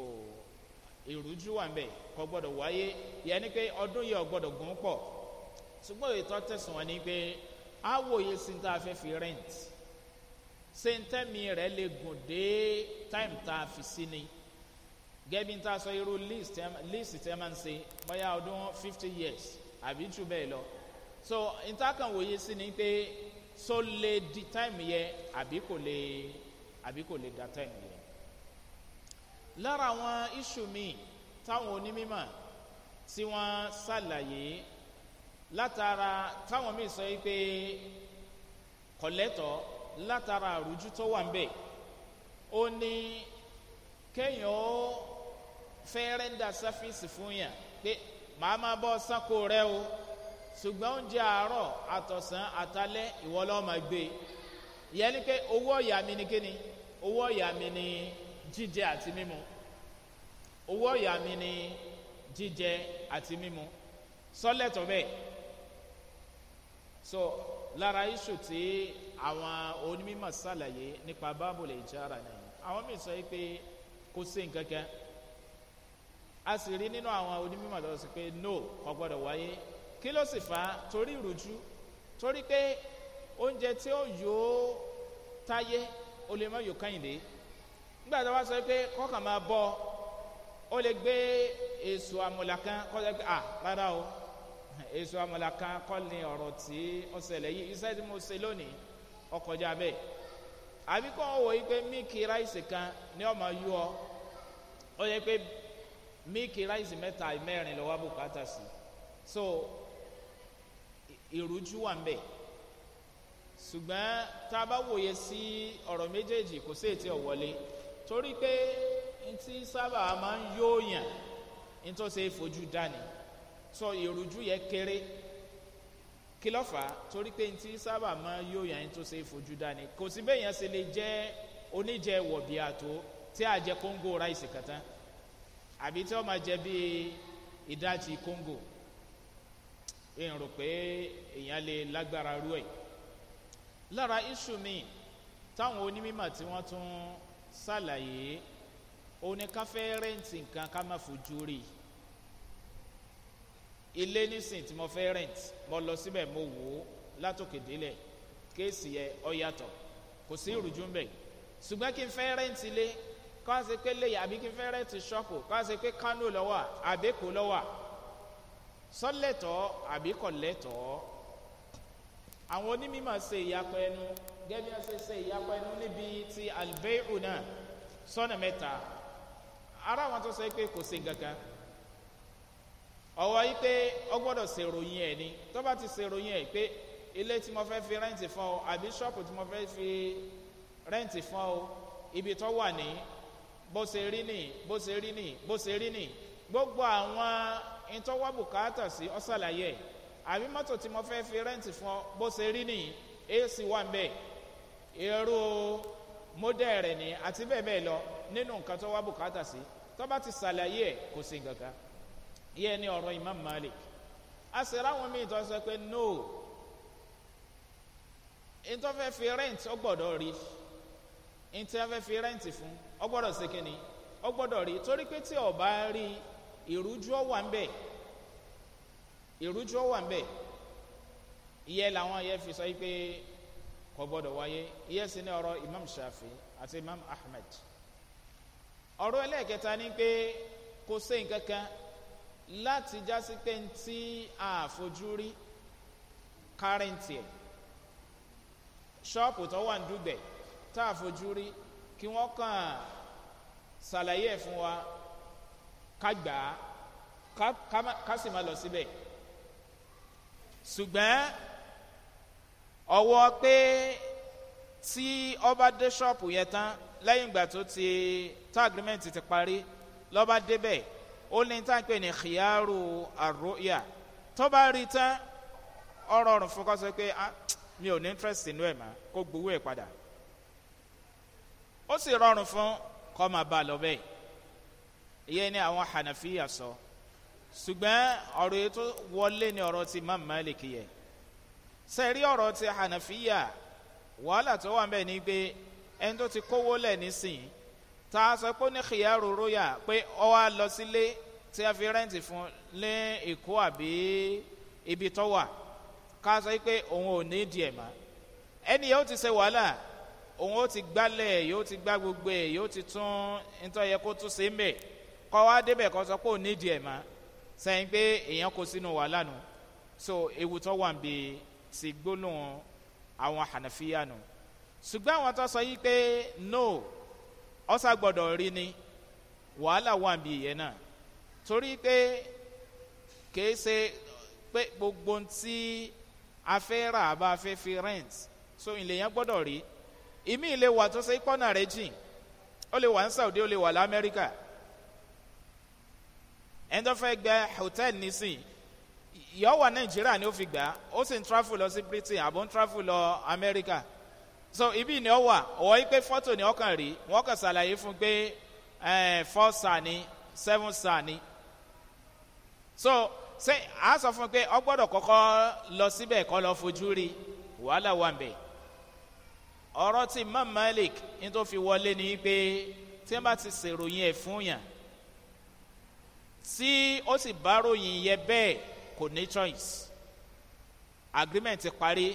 Speaker 1: ìrújú wa mbẹ kọ gbọdọ wáyé ìyẹn ni pé ọdún yìí ọgbọdọ gùn pọ ṣùgbọ́n ètò tẹ̀sán wọn ni pé àwòye sí ní tá a fẹ́ fi rent sentẹ́mi rẹ̀ lè gùn dé táìmù tá a fi sí ni gẹ́bí tá a irú list tẹ́ máa ń se bóyá ọdún fifty years àbí jù bẹ́ẹ̀ lọ so ntakan wòye sí ni pé so lè di time yẹ àbí kò lè àbí kò lè da táìmù yẹ lára àwọn iṣu míì táwọn onímọ̀ tí wọ́n ṣàlàyé látara táwọn míì sọ yìí pé kọ̀lẹ́tọ̀ọ́ látara àrùjú tó wà ń bẹ̀ ó ní kéèyàn ó fẹ́ rẹ́ńdà sáfíìsì fún yàn pé màá máa bọ́ sáko rẹ o ṣùgbọ́n oúnjẹ àárọ̀ àtọ̀sán àtalẹ́ ìwọ lọ́ọ́ máa gbé yẹn ni pé owó ọ̀yà mi ni kíni owó ọ̀yà mi ni jíjẹ àti mímu owó ọ̀yà mi ni jíjẹ àti mímu sọ́lẹ̀tọ̀ bẹ́ẹ̀ so lára iṣu tí àwọn onímọ̀ sàlàyé nípa báàbò lè jára ni àwọn mi sọ yìí pé kò sí nkankan a sì rí nínú àwọn onímọ̀ lọ sí pé no kò gbọdọ̀ wáyé kí ló sì fà á torí ìrújú torí pé oúnjẹ tí ó yòó táyé o lè má yòó kányìndé nígbà tí wọ́n sọ pé kọ́kàn máa bọ o lè gbé èso kan à rárá o èso kan tí ó yìí tí mo ṣe lónìí ọkọjá bẹ́ẹ̀ àbí kọ́ ọ wò yí pé míìkì ráìsì kan ní ọmọ yú ọ ó yẹ pé míìkì ráìsì mẹ́ta mẹ́rin lọ́wọ́ bùkátà sí so ìrújú wà ń bẹ̀ ṣùgbọ́n tá a bá wòye sí ọ̀rọ̀ méjèèjì kò sí ètí ọ̀wọ́lé torí pé ntí sábà máa ń yóòyàn ntọ́ ṣe fojú dání so ìrújú yẹ kéré kí ló fà á torí pé ntí sábà máa yóò yàn tó ṣe fojú dání kò sí bẹ́ẹ̀ yẹn ṣe lè jẹ́ oníjẹ wọ̀bì àtó tí a jẹ kóńgò ráìsì kàtá àbí tí wọ́n máa jẹ bíi ìdájì kóńgò èèyàn rò pé èèyàn lè lágbára rú ẹ̀ lára iṣu mi táwọn onímọ̀ tí wọ́n tún ṣàlàyé oníkáfẹ́ rẹ́ǹtì nǹkan ká má fojú rí i ilé nísìn tí mo fẹ́ rent mo lọ síbẹ̀ mo wò ó látòkè délẹ̀ kéèsì yẹ ọ yàtọ̀ kò sí ìrújú mbẹ̀ ṣùgbọ́n kí n fẹ́ rent ilé kọ́ ṣe pé lè àbí kí n fẹ́ rent ṣọ́ọ̀pù kọ́ ṣe pé kánò lọ́wọ́ àbẹ́kò lọ́wọ́ sọ́lẹ̀tọ̀ àbí kọ̀lẹ́tọ̀ àwọn onímọ̀ ṣe ìyapọ̀ ẹnu gẹ́gẹ́ bí wọ́n ṣe ṣe ìyapọ̀ ẹnu níbi ti albeiru náà sọ́nà mẹ́ta ara àwọn tó ṣe pé kò sí gangan ọwọ́ yìí pé ọ gbọ́dọ̀ ṣèròyìn ẹ̀ ni tó bá ti ṣèròyìn ẹ̀ pé ilé tí mo fẹ́ fi rẹ́ǹtì fún ọ àbí ṣọ́ọ̀pù tí mo fẹ́ fi rẹ́ǹtì fún ọ ibi tó wà ní bó ṣe rí nì bó ṣe rí nì bó ṣe rí nì gbogbo àwọn ìtọ́wọ́ bùkátà sí ọ̀sàlàyé àbí mọ́tò tí mo fẹ́ fi rẹ́ǹtì fún ọ bó ṣe rí nì ac wà ń bẹ̀ mọ́dẹ̀ rẹ̀ ni àti bẹ́ẹ̀ bẹ́ẹ̀ lọ nínú nǹkan tó bùkátà sí tó bá ti ṣàlàyé ẹ̀ kò sí nǹkan yẹ ni ọ̀rọ̀ imam malik a sì ráwọn míì tó sọ pé no ntọ́fẹ́ fi rent ọ gbọ́dọ̀ rí ntọ́fẹ́ fi rent fún ọ gbọ́dọ̀ ṣe kínní ọ gbọ́dọ̀ rí torí pé tí ọba rí ìrújú ọ ń bẹ̀ ìrújú ọ ń bẹ̀ ìyẹn làwọn yẹn fi sọ pé kò gbọ́dọ̀ wáyé ìyẹn sì ni ọ̀rọ̀ imam shafi àti imam ahmed ọ̀rọ̀ ẹlẹ́ẹ̀kẹta ni pé kò sí nǹkan láti jásí pé ń tí àfojúrí kárẹ́ǹtì ẹ̀ ṣọ́ọ̀pù tó wà ń dùgbẹ̀ tá àfojúrí kí wọ́n kàn ṣàlàyé ẹ̀ fún wa ká gbà á ká sì máa lọ síbẹ̀ ṣùgbọ́n ọwọ́ pé tí ọba dé ṣọ́ọ̀pù yẹn tán lẹ́yìn ìgbà tó ti tá agreement ti parí lọ́ba débẹ̀ ó ní tá à ń ní khiyaru aroya tó bá rí tán ọ̀rọ̀ ọ̀rùn fún kọ́ sọ pé ah, mi ò ní interest nínú ẹ̀ mọ́ kó gbowó ẹ̀ padà ó sì rọrùn fún kọ́ máa bá a lọ bẹ́ẹ̀ ìyẹn ni àwọn hànàfíà sọ ṣùgbọ́n ọ̀rọ̀ yìí tó wọlé ni ọ̀rọ̀ ti má malik yẹ sẹ́rí ọ̀rọ̀ ti hànàfíà wàhálà tó wà bẹ́ẹ̀ ni pé ẹni tó ti kówó lẹ̀ nísìnyí tá a sọ pé ó ní kìyàrú róyà pé ọ wá lọ sílé tí a fi rẹ́ǹtì fún lé èkó àbí ibi tó wà ká sọ pé òun ò ní ìdí ẹ̀ mọ́ ẹni yóò ti ṣe wàhálà òun ó ti gbálẹ̀ yóò ti gbá gbogbo ẹ̀ yóò ti tún nítorí kó tún ṣe ń bẹ̀ kọ́ wá débẹ̀ kọ́ sọ pé òun ní ìdí ẹ̀ mọ́ sẹ́yìn pé èèyàn kó sínú wàhálà nù so ewu tó wà ń bi sì gbólóhùn àwọn hànàfíà nù ṣùgbọ́n àwọn tó sọ yìí pé no ọ̀sà gbọ́dọ̀ rí ni wàhálà wà ń bi ìyẹn náà torí pé kìí ṣe pé gbogbo tí a fẹ́ rà a bá fẹ́ fi rent so ilé yẹn gbọ́dọ̀ rí ìmí ilé wà tó ṣe pọ́nà rẹ̀ jìn ó lè wà ní saudi ó lè wà lamẹ́ríkà ẹni tó fẹ́ gbẹ hòtẹ́ẹ̀lì nísìn yọ wà nàìjíríà ni ó fi gbà ó sì ń travel lọ sí britain àbó ń travel lọ amẹ́ríkà so ibi ni ó wà ọ̀wọ́ yìí pé fọ́tò ni ọkàn rí wọ́n kàn ṣàlàyé fún pé eh, four star ni seven star ni so ṣe a sọ fún pé ọ gbọ́dọ̀ kọ́kọ́ lọ síbẹ̀ kọ́ lọ fojú rí wàhálà wà ń bẹ̀ ọ̀rọ̀ tí imam malik ní tó fi wọlé ni pé tí wọ́n bá ti ṣèròyìn ẹ̀ fún yàn tí ó sì bá ròyìn yẹ bẹ́ẹ̀ kò ní choice agreement ti parí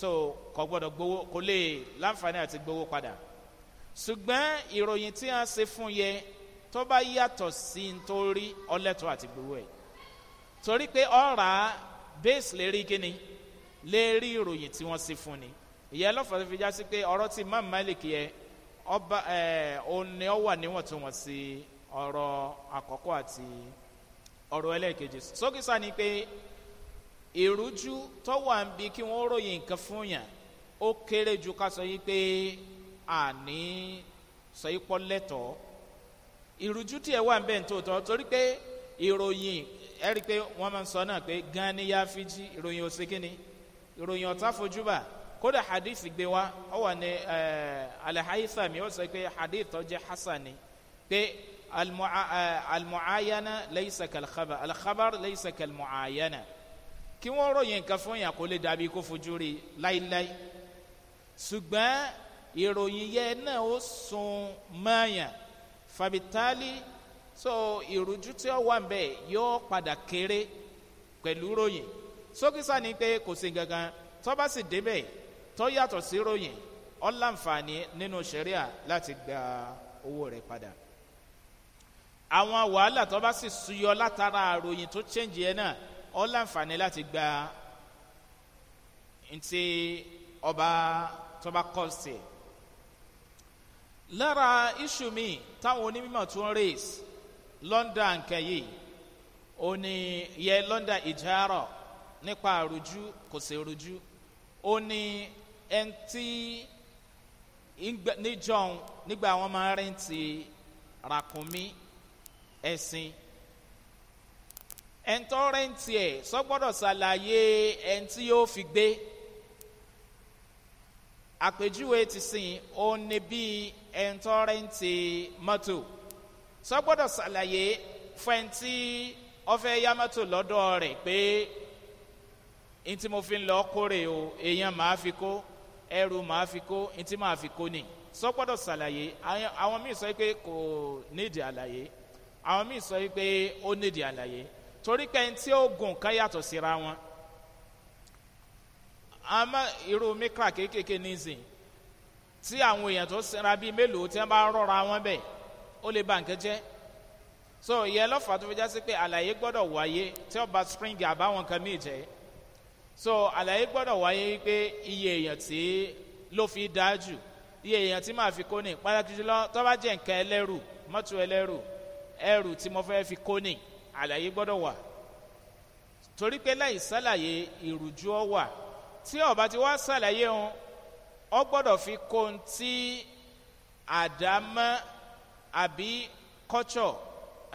Speaker 1: so kò gbọ́dọ̀ gbowó kò lè láǹfààní àti gbowó padà ṣùgbọ́n ìròyìn tí a ṣe fún yẹ tó bá yàtọ̀ sí nítorí ọlẹ́tọ̀ àti gbowó ẹ̀ torí pé ọ̀rà base lérí kíni lérí ìròyìn tí wọ́n sì fún ni ìyẹn lọ́fọ̀ọ́ fi já sí pé ọ̀rọ̀ tí má malik yẹ ọba ẹ̀ òní ọ̀wà níwọ̀ntúnwọ̀nsì ọ̀rọ̀ àkọ́kọ́ àti ọ̀rọ̀ ẹlẹ́ẹ̀kejì sókísà ni pé ìrújú tó wà ń bi kí wọ́n ròyìn nǹkan fún yàn ó kéré ju ká sọ yí pé àní sọ yí pọ́ lẹ́tọ̀ọ́ ìrújú tí ẹ wà ń bẹ̀ ń tòótọ́ torí pé ìròyìn ẹ rí i pé wọ́n máa ń sọ náà pé gan ni yá fi jí ìròyìn òsè kínni ìròyìn ọ̀tá fojúbà kódà hadith gbé wa ọ wà ní alahaisa mi ó sọ pé hadith tó jẹ́ hasan ni pé almuayana leysa kalkhabar alkhabar leysa kalmuayana kí wọ́n ròyìn nǹkan fún yàn kó lè dàbí kó fojú rí láíláí ṣùgbọ́n ìròyìn yẹn náà ó sun mọ́ọ̀yàn fàbítálì so ìrújú tí ó wà nbẹ yóò padà kéré pẹ̀lú ròyìn sókísà ni pé kò sí gangan tó bá sì débẹ̀ tó yàtọ̀ sí ròyìn ọ̀làǹfààní nínú sẹ́ríà láti gba owó rẹ̀ padà àwọn wàhálà tó bá sì suyọ látara àròyìn tó chẹ́ǹjì ẹ̀ náà ọ̀làǹfààní láti gba ntí ọba tó bá kọ́ sí lára iṣu mi táwọn onímọ̀ tó rèé sí lọ́ndà nkà yìí ó ní yẹ lọ́ndà ìjárọ̀ nípa àrùjú kò sí rújú ó ní ẹni tí níjọ́n nígbà wọn máa ń rẹ́ǹtì ràkúnmí ẹ̀sìn ẹ̀ńtọ́ rẹ́ǹtì ẹ̀ sọ́gbọ́dọ̀ ṣàlàyé ẹ̀ńtí yóò fi gbé àpèjúwe ti sìn ó ní bí ẹ̀ńtọ́ rẹ́ǹtì mọ́tò sọ gbọ́dọ̀ ṣàlàyé fẹ́ntì ọ̀fẹ́ yamato lọ́dọ̀ rẹ̀ pé ntí mo fi ń lọ kórè o èèyàn máa fi kó ẹrù máa fi kó ntí máa fi kó ni sọ gbọ́dọ̀ ṣàlàyé àwọn míì sọ pé kò nídìí àlàyé àwọn míì sọ pé ó nídìí àlàyé torí pé ntí ó gùn ká yàtọ̀ síra wọn àmọ́ irú mikra kéékèèké nísìn tí àwọn èèyàn tó sinra bíi mélòó tí wọ́n bá rọra wọn bẹ́ẹ̀ ó lè ba nǹkan jẹ́ so ìyẹn lọ́fà tó fi já sí pé àlàyé gbọ́dọ̀ wáyé tí ọba spring àbáwọn kan míì jẹ́ so àlàyé gbọ́dọ̀ wáyé pé iye èèyàn tí ló fi dáa jù iye èèyàn tí màá fi kó ní pàtàkì jùlọ tó bá jẹ́ nǹkan ẹlẹ́rù mọ́tò ẹlẹ́rù ẹrù tí mo fẹ́ fi kó ní àlàyé gbọ́dọ̀ wà torí pé láì sálàyé ìrùjú ọ wà tí ọba ti wá sálàyé wọn ọ gbọ́dọ̀ fi kó ní àdámọ́ àbí culture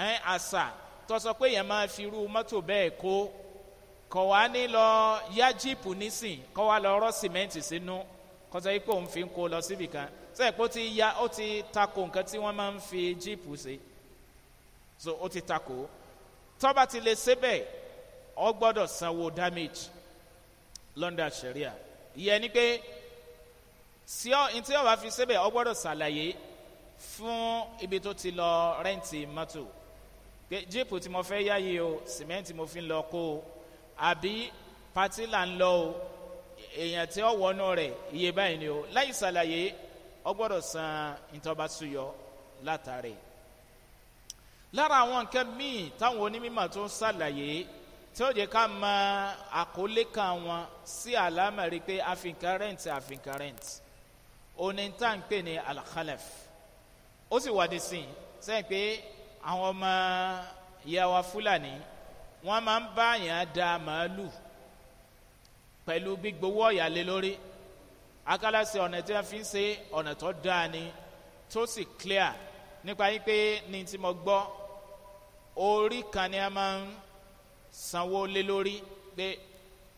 Speaker 1: ẹ̀ àṣà tọ́sọ pé yẹn máa fi irú mọ́tò bẹ́ẹ̀ kó kọ̀ wá ní lọ yá jíìpù nísìn kọ́ wá lọ rọ́ sìmẹ́ǹtì sínú kọ́sọ yìí pé òun fi ń kó lọ síbì kan sẹ́yìn ti ya ó ti takò nǹkan tí wọ́n máa ń fi jíìpù ṣe so ó ti takò tọ́ba ti lè ṣe ọ gbọ́dọ̀ sanwó damage lọ́ndà sẹ̀ríà ìyẹn ni pé tí ọba fi ṣe ọ gbọ́dọ̀ ṣàlàyé fún ibi tó ti lọ rẹ́ǹtì mọ́tò pé jíìpù tí mo fẹ́ yá o sìmẹ́ǹtì mo fi ń lọ kó o àbí pati là ń lọ o èèyàn tí ó wọnú rẹ̀ iye báyìí ni o láì ṣàlàyé ọ gbọ́dọ̀ san ìtọ́ba súyọ látàrí. lára àwọn nǹkan míì táwọn onímọ̀ tó ń ṣàlàyé tí ó jẹ́ ká mọ àkólé kan wọn sí àlámọ̀ rí pé àfihàn rẹ́ǹtì àfihàn rẹ́ǹtì oní tá ní alakhalef ó sì wà nísìn sẹ́yìn pé àwọn ọmọ ìyá wa fúlàní wọ́n máa ń bá àyàn da màálù pẹ̀lú gbígbowó ọ̀yà lé lórí akálàsì ọ̀nà tí wọ́n fi ń ṣe ọ̀nà tó dáa ni tó sì clear nípa yín pé ní tí mo gbọ́ orí kan ni a máa ń sanwó lé lórí pé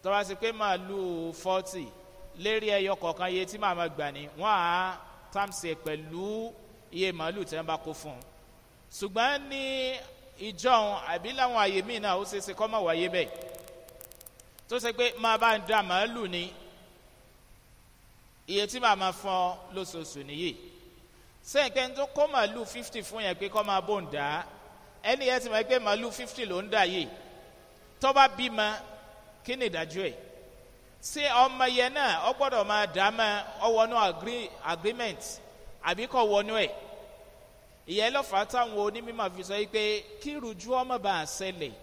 Speaker 1: tọ́ba sí pé màálù fọ́tì lérí ẹyọ kọ̀ọ̀kan iye tí màá ma gbà ni wọ́n á tàmsẹ̀ pẹ̀lú iye màálù tí wọn bá kó fún un ṣùgbọ́n ní ìjọun àbí láwọn àyè míì náà ó ṣeéṣe kọ́ mọ̀ wáyé bẹ́ẹ̀ tó ṣe pé máa bá ń da màálù ni iye tí màá máa fún lóṣooṣù nìyí sẹ́ǹkẹ́ tó kó màálù fifty fún yẹn pé kọ́ máa bò ń dà á ẹni yẹn ti mọ̀ pé màálù fifty ló ń dà yìí tọ́ba bímọ kí ni ìdájọ́ ẹ̀ ṣé ọmọ yẹn náà ọ gbọ́dọ̀ máa dà mọ́ ọ agreement àbí kọ̀ wọnú ẹ̀ ìyẹn lọ́fà táwọn onímọ̀ fi sọ pé kí rújú ọmọ bá a ṣẹlẹ̀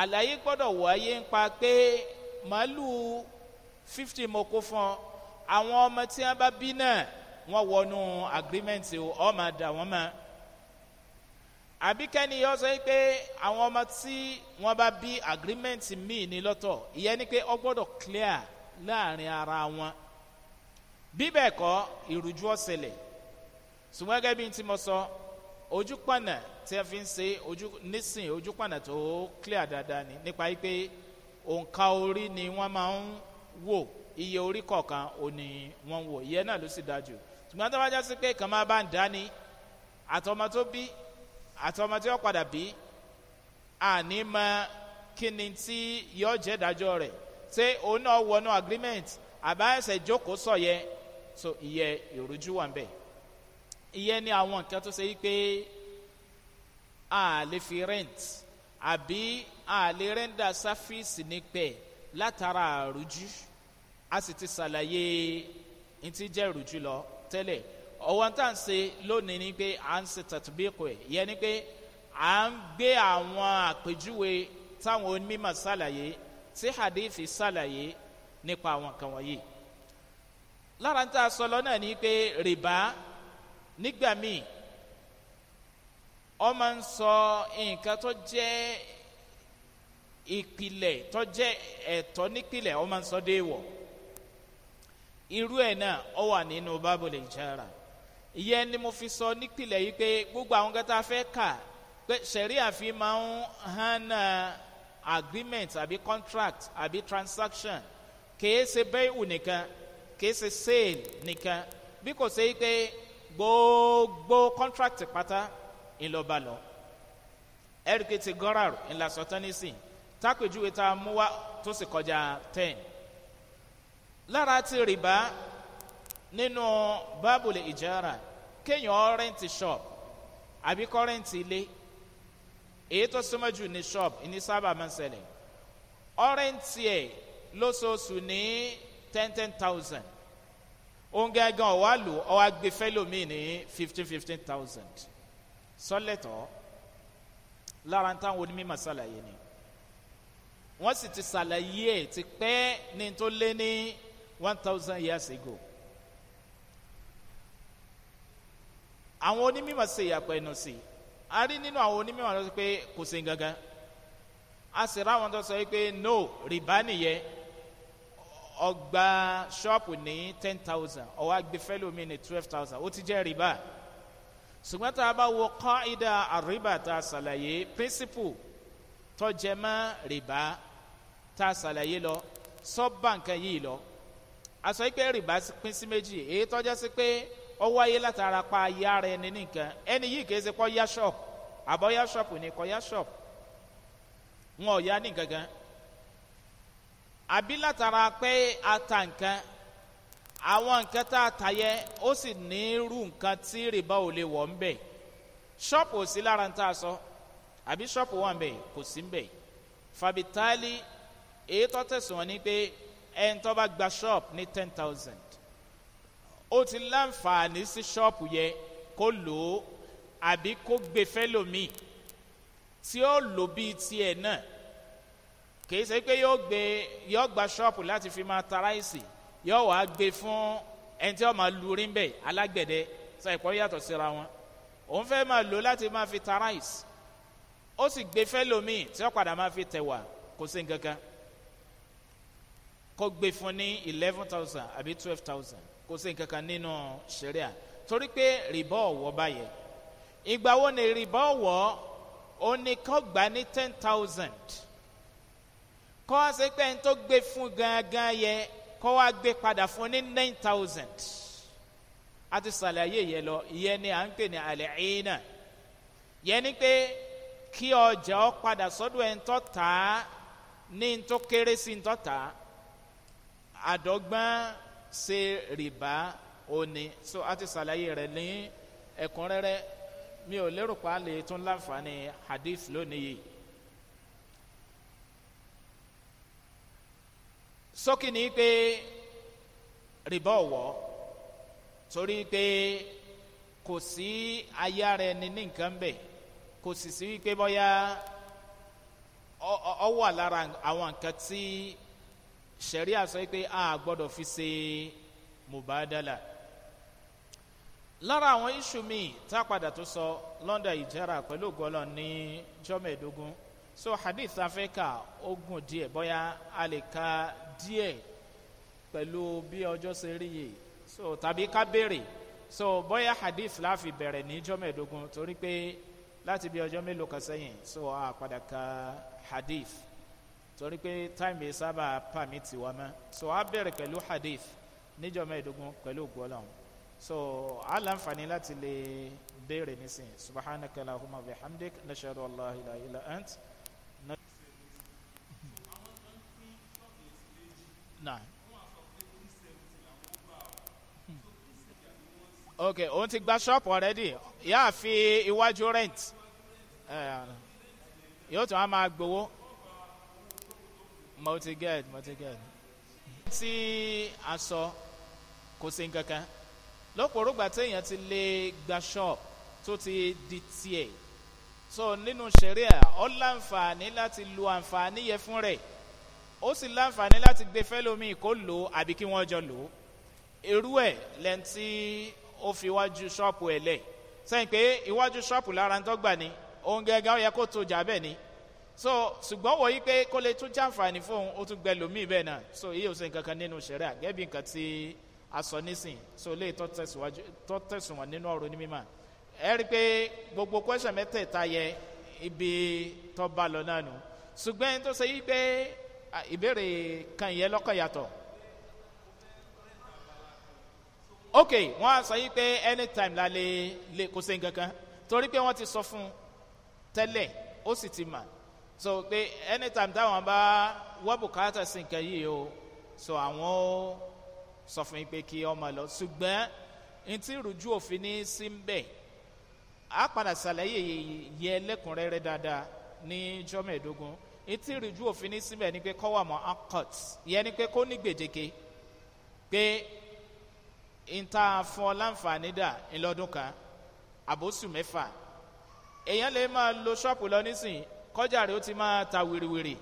Speaker 1: àlàyé gbọ́dọ̀ wáyé ń pa pé màálù fifty mọ̀kó fún ọ àwọn ọmọ tí wọ́n bá bí náà wọ́n wọnú agreement ọmọ àdá wọn mọ́ àbí kẹ́ni yọ sọ pé àwọn ọmọ tí wọ́n bá bí agreement míì ní lọ́tọ̀ ìyẹn ni pé ọ gbọ́dọ̀ clear láàrin ara wọn bí bẹ́ẹ̀ kọ́ ìrújú ọ̀sẹ̀lẹ̀ ṣùgbọ́n gẹ́gẹ́ bí n ti mọ sọ ojú tí a fi ń ṣe ojú nísìn ojú tó clear dáadáa ni nípa pé òǹkà orí ni wọ́n máa ń wò iye orí kọ̀ọ̀kan ò ní wọ́n wò ìyẹn náà ló sì dájú ṣùgbọ́n tó bá já sí pé kàn máa bá ń dání àtọmọ tó bí àtọmọ tí ó padà bí àní mọ kí ni tí yọ jẹ́ dájọ́ rẹ̀ ṣé òun náà wọnú agreement àbá ẹsẹ̀ jókòó sọ̀yẹ́ so ìyẹn ìrújú wà nbẹ ìyẹn ní àwọn nǹkan tó ṣe yí pé a lè fi rent àbí a lè rẹ́ńdà sáfíìsì nípẹ̀ látara àrújú a sì ti ṣàlàyé ntí jẹ́ ìrújú lọ tẹ́lẹ̀ ọ̀wọ́n tá à ń ṣe lónìí ni pé à ń ṣe tàtúbíkọ ẹ̀ yẹn ni pé à ń gbé àwọn àpèjúwe táwọn onímọ̀ ṣàlàyé tí hadith ṣàlàyé nípa àwọn kan wọ̀nyí lára ń tà sọlọ náà ni pé rìbá nígbà míì ọ máa ń sọ nǹkan tó jẹ́ ìpìlẹ̀ tó jẹ́ ẹ̀tọ́ nípìlẹ̀ ọ máa ń sọ dé irú ẹ̀ náà ọ wà nínú bábòlì ìjára ìyẹn ni mo fi sọ nípìlẹ̀ yìí pé gbogbo àwọn kẹta fẹ́ kà pé sẹ̀rí àfi máa ń hànà agreement àbí contract àbí transaction kèé ṣe bẹ́ẹ̀ wù nìkan kìí sale nìkan bí kò ṣe pé gbogbo contract pata ńlọba lọ ẹrìkì ti gọ́ràrù ńlá sọtán nísìn tápèjúwe tá a mú wá tó sì kọjá ten lára ti rìbá nínú bábùlì ìjára kéèyàn rẹ́ǹtì shop àbí kọ́rẹ́ǹtì ilé èyí tó súnmọ́ jù ní shop ní sábà máa ń ṣẹlẹ̀ ọ̀rẹ́ǹtì ẹ̀ lóṣooṣù ní ten ten thousand òun gángan ọ̀wá lò ọ̀wá gbé fẹ́lòmíì ní fifteen fifteen thousand sọ́lẹ̀tọ̀ lára ń táwọn onímọ̀ ṣàlàyé ni wọ́n sì ti ṣàlàyé ẹ̀ ti pẹ́ ní tó lé ní one thousand years ago. àwọn onímọ̀ ṣe ìyàpọ̀ ẹnu sí i a rí nínú àwọn onímọ̀ lọ sí pé kò sí gangan a sì ráwọn tó sọ pé no rìbá nìyẹn ọgbà ṣọ́ọ̀pù ní ten thousand ọwọ́ agbẹ́fẹ́lómi ní twelve thousand ó ti jẹ́ rìbá ṣùgbọ́n tá a bá wo kọ́ ìdá àríbà tá a ṣàlàyé píríncípù tọ́jẹ́mọ́ rìbá tá a ṣàlàyé lọ sọ́ọ̀bà nǹkan yìí lọ a sọ pé rìbá pín sí méjì èyí tọ́já sí pé ó wáyé látara pa ayé ara ẹni nìkan ẹni yìí kì í ṣe kọ́ yá ṣọ́ọ̀pù àbọ̀ yá ṣọ́ọ̀pù ni kọ́ yá ṣọ́ọ̀pù wọn ò yá ní gangan àbí látara pé a ta nǹkan àwọn nǹkan tá a ta yẹ ó sì ní irú nǹkan tí rìbá ò lè wọ̀ ń bẹ̀ ṣọ́ọ̀pù ò sí lára ń tá sọ àbí ṣọ́ọ̀pù wà ń bẹ̀ kò sí ń bẹ̀ fàbítálì èyí tó tẹ̀sùn wọn ni pé ẹni tó bá gba ṣọ́ọ̀pù ní ten thousand ó ti láǹfààní sí ṣọ́ọ̀pù yẹ kó lò ó àbí kó gbé fẹ́ tí ó lò bíi tiẹ̀ náà kìí ṣe pé yóò gbé yóò gba ṣọ́ọ̀pù láti fi máa ta ráìsì yóò wá gbé fún ẹni tí wọ́n máa lu rí bẹ́ẹ̀ alágbẹ̀dẹ sọ ìpọ́n yàtọ̀ síra wọn òun fẹ́ máa lò láti máa fi ta ráìsì ó sì gbé fẹ́ lomi tí wọ́n padà máa fi tẹ̀wà kò sí nǹkan kó gbé fún ní eleven thousand àbí twelve thousand kò sí nǹkan kan nínú sẹ́ríà torí pé rìbọ́ ọ̀wọ́ báyẹn ìgbà wo ni rìbọ́ ọ̀wọ́ ó ní kó gbà ní ten thousand. kọ́ wá sí pé ẹni tó gbé fún gangan yẹ kọ́ wá gbé padà fún ní nine thousand a ti lọ ìyẹn ni à ń pè ní ni pé kí ọjà ọ padà sọ́dọ̀ ẹni tó tà á ní tó kéré sí tó tà so a ti sàlàyé rẹ̀ ní ẹ̀kúnrẹ́rẹ́ mi ò lérò pa lè tún láǹfààní hadith lónìí yìí. sókè ní pé rìbá ọ̀wọ́ torí pé kò sí aya rẹ ní ní nǹkan bẹ̀ kò sì sí wípé bọ́yá ọ wà lára àwọn nǹkan tí sẹ̀ríà sọ pé a gbọ́dọ̀ fi ṣe mùbádàlà lára àwọn iṣu míì tá a padà tó sọ lọ́ndà ìjẹ́ra pẹ̀lú gọ́lọ̀ ní jọ́mẹ̀ẹ́dógún so hadith afẹ́ka ogun díẹ̀ bọ́yá a lè ka díẹ̀ pẹ̀lú bí ọjọ́ ṣe rí yìí so tàbí ká béèrè so bóyá hadith láfi bẹ̀rẹ̀ ní ijọ́ mẹ́ẹ̀ẹ́dógún torí pé láti bí ọjọ́ mélòó kan sẹ́yìn so a padà ka hadith torí pé táìmì sábà pàmìtì wa mọ́ so a bẹ̀rẹ̀ pẹ̀lú hadith níjọ́ mẹ́ẹ̀ẹ́dógún pẹ̀lú ògbọ́láhùn so a láǹfààní láti lè béèrè nísìnyí subhanakala humna bihamdik nashadu allah ilaha illa ant. nine. Hmm. okay òun ti gba shop already yà á fi iwájú rent yóò tún á máa gbowó mo ti get mo ti get tí a sọ kò sí nkankan lọ́pọ̀lọpọ̀ téèyàn ti lè gba shop tó ti di tiẹ̀ so nínú sẹ̀ríà ọ̀ láǹfààní láti lu àǹfààní yẹn fún rẹ̀ ó sì láǹfààní láti gbé fẹ́lómi kó lò ó àbí kí wọ́n jọ lò ó irú ẹ̀ lẹ́ntì ó fi iwájú ṣọ́ọ̀pù ẹ̀ lẹ̀ sẹ́yìn pé iwájú ṣọ́ọ̀pù lára ń tọ́gbà ni òun gẹ́gẹ́ ó yẹ kó tó jà bẹ́ẹ̀ ni so ṣùgbọ́n wọ̀nyí pé kó lè tún jàǹfààní fóun ó tún gbẹ lòmíì bẹ́ẹ̀ náà so iye ò sẹ́yìn kankan nínú ṣẹ̀rẹ́ àgẹ́bí nǹkan tí a sọ nísìn so lè tọ́ tẹ̀sùn wọn nínú ọ̀rọ̀ onímọ̀ ẹ rí i pé gbogbo kwẹ́sàn mẹ́tẹ̀ẹ̀ta yẹ ibi tọ́ bá lọ náà nù ṣùgbọ́n tó ṣe yí pé Ah, ìbéèrè kan yẹn lọ́kọ̀ yàtọ̀ ok wọn á sọ pé anytime la lè lè kó sẹ́yìn kankan torí pé wọ́n ti sọ fún un ó sì ti mà so pé anytime táwọn bá wọ́n bùkátà sí nǹkan yìí o so àwọn ó sọ fún yín pé kí ọmọ lọ ṣùgbọ́n n ti rújú òfin ní sí ń bẹ̀ á padà yẹ lẹ́kùnrẹ́rẹ́ dáadáa ní jọ́mẹ̀ẹ́dógún etí ìrìjú òfin ní síbẹ̀ ni pé kọ́wà mọ́ akọ́t ìyẹn ni pé kó ní gbèdéke pé níta fún ọ láǹfààní dà ńlọ́dún kan àbóṣù mẹ́fà èèyàn lè máa lo ṣọ́ọ̀pù lọ nísìnyí kọjá rẹ̀ ó ti máa ta wìrìwìrì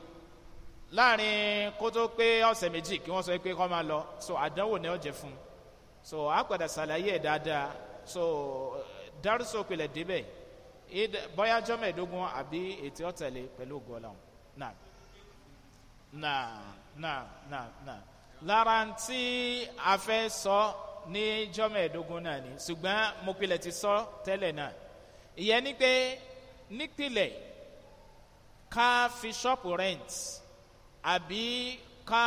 Speaker 1: láàrin kó tó pé ọ̀sẹ̀ méjì kí wọ́n sọ pé kọ́ máa lọ so àdánwò ni ó jẹ fún un so á padà ṣàlàyé ẹ̀ dáadáa so dárúsọ pilẹ̀ débẹ̀ bọ́yá jọ́mẹ̀ẹ́dógún àbí ètò ọ̀tẹ̀lẹ̀ pẹ̀lú ògùn ọ̀làwọ̀n náà náà náà náà náà lára tí a fẹ́ sọ ní jọ́mẹ̀ẹ́dógún náà ni ṣùgbọ́n mo pilẹ̀ ti sọ tẹ́lẹ̀ náà ìyẹn ni pé nípìnlẹ̀ ká fi ṣọ́ọ̀pù rent àbí ká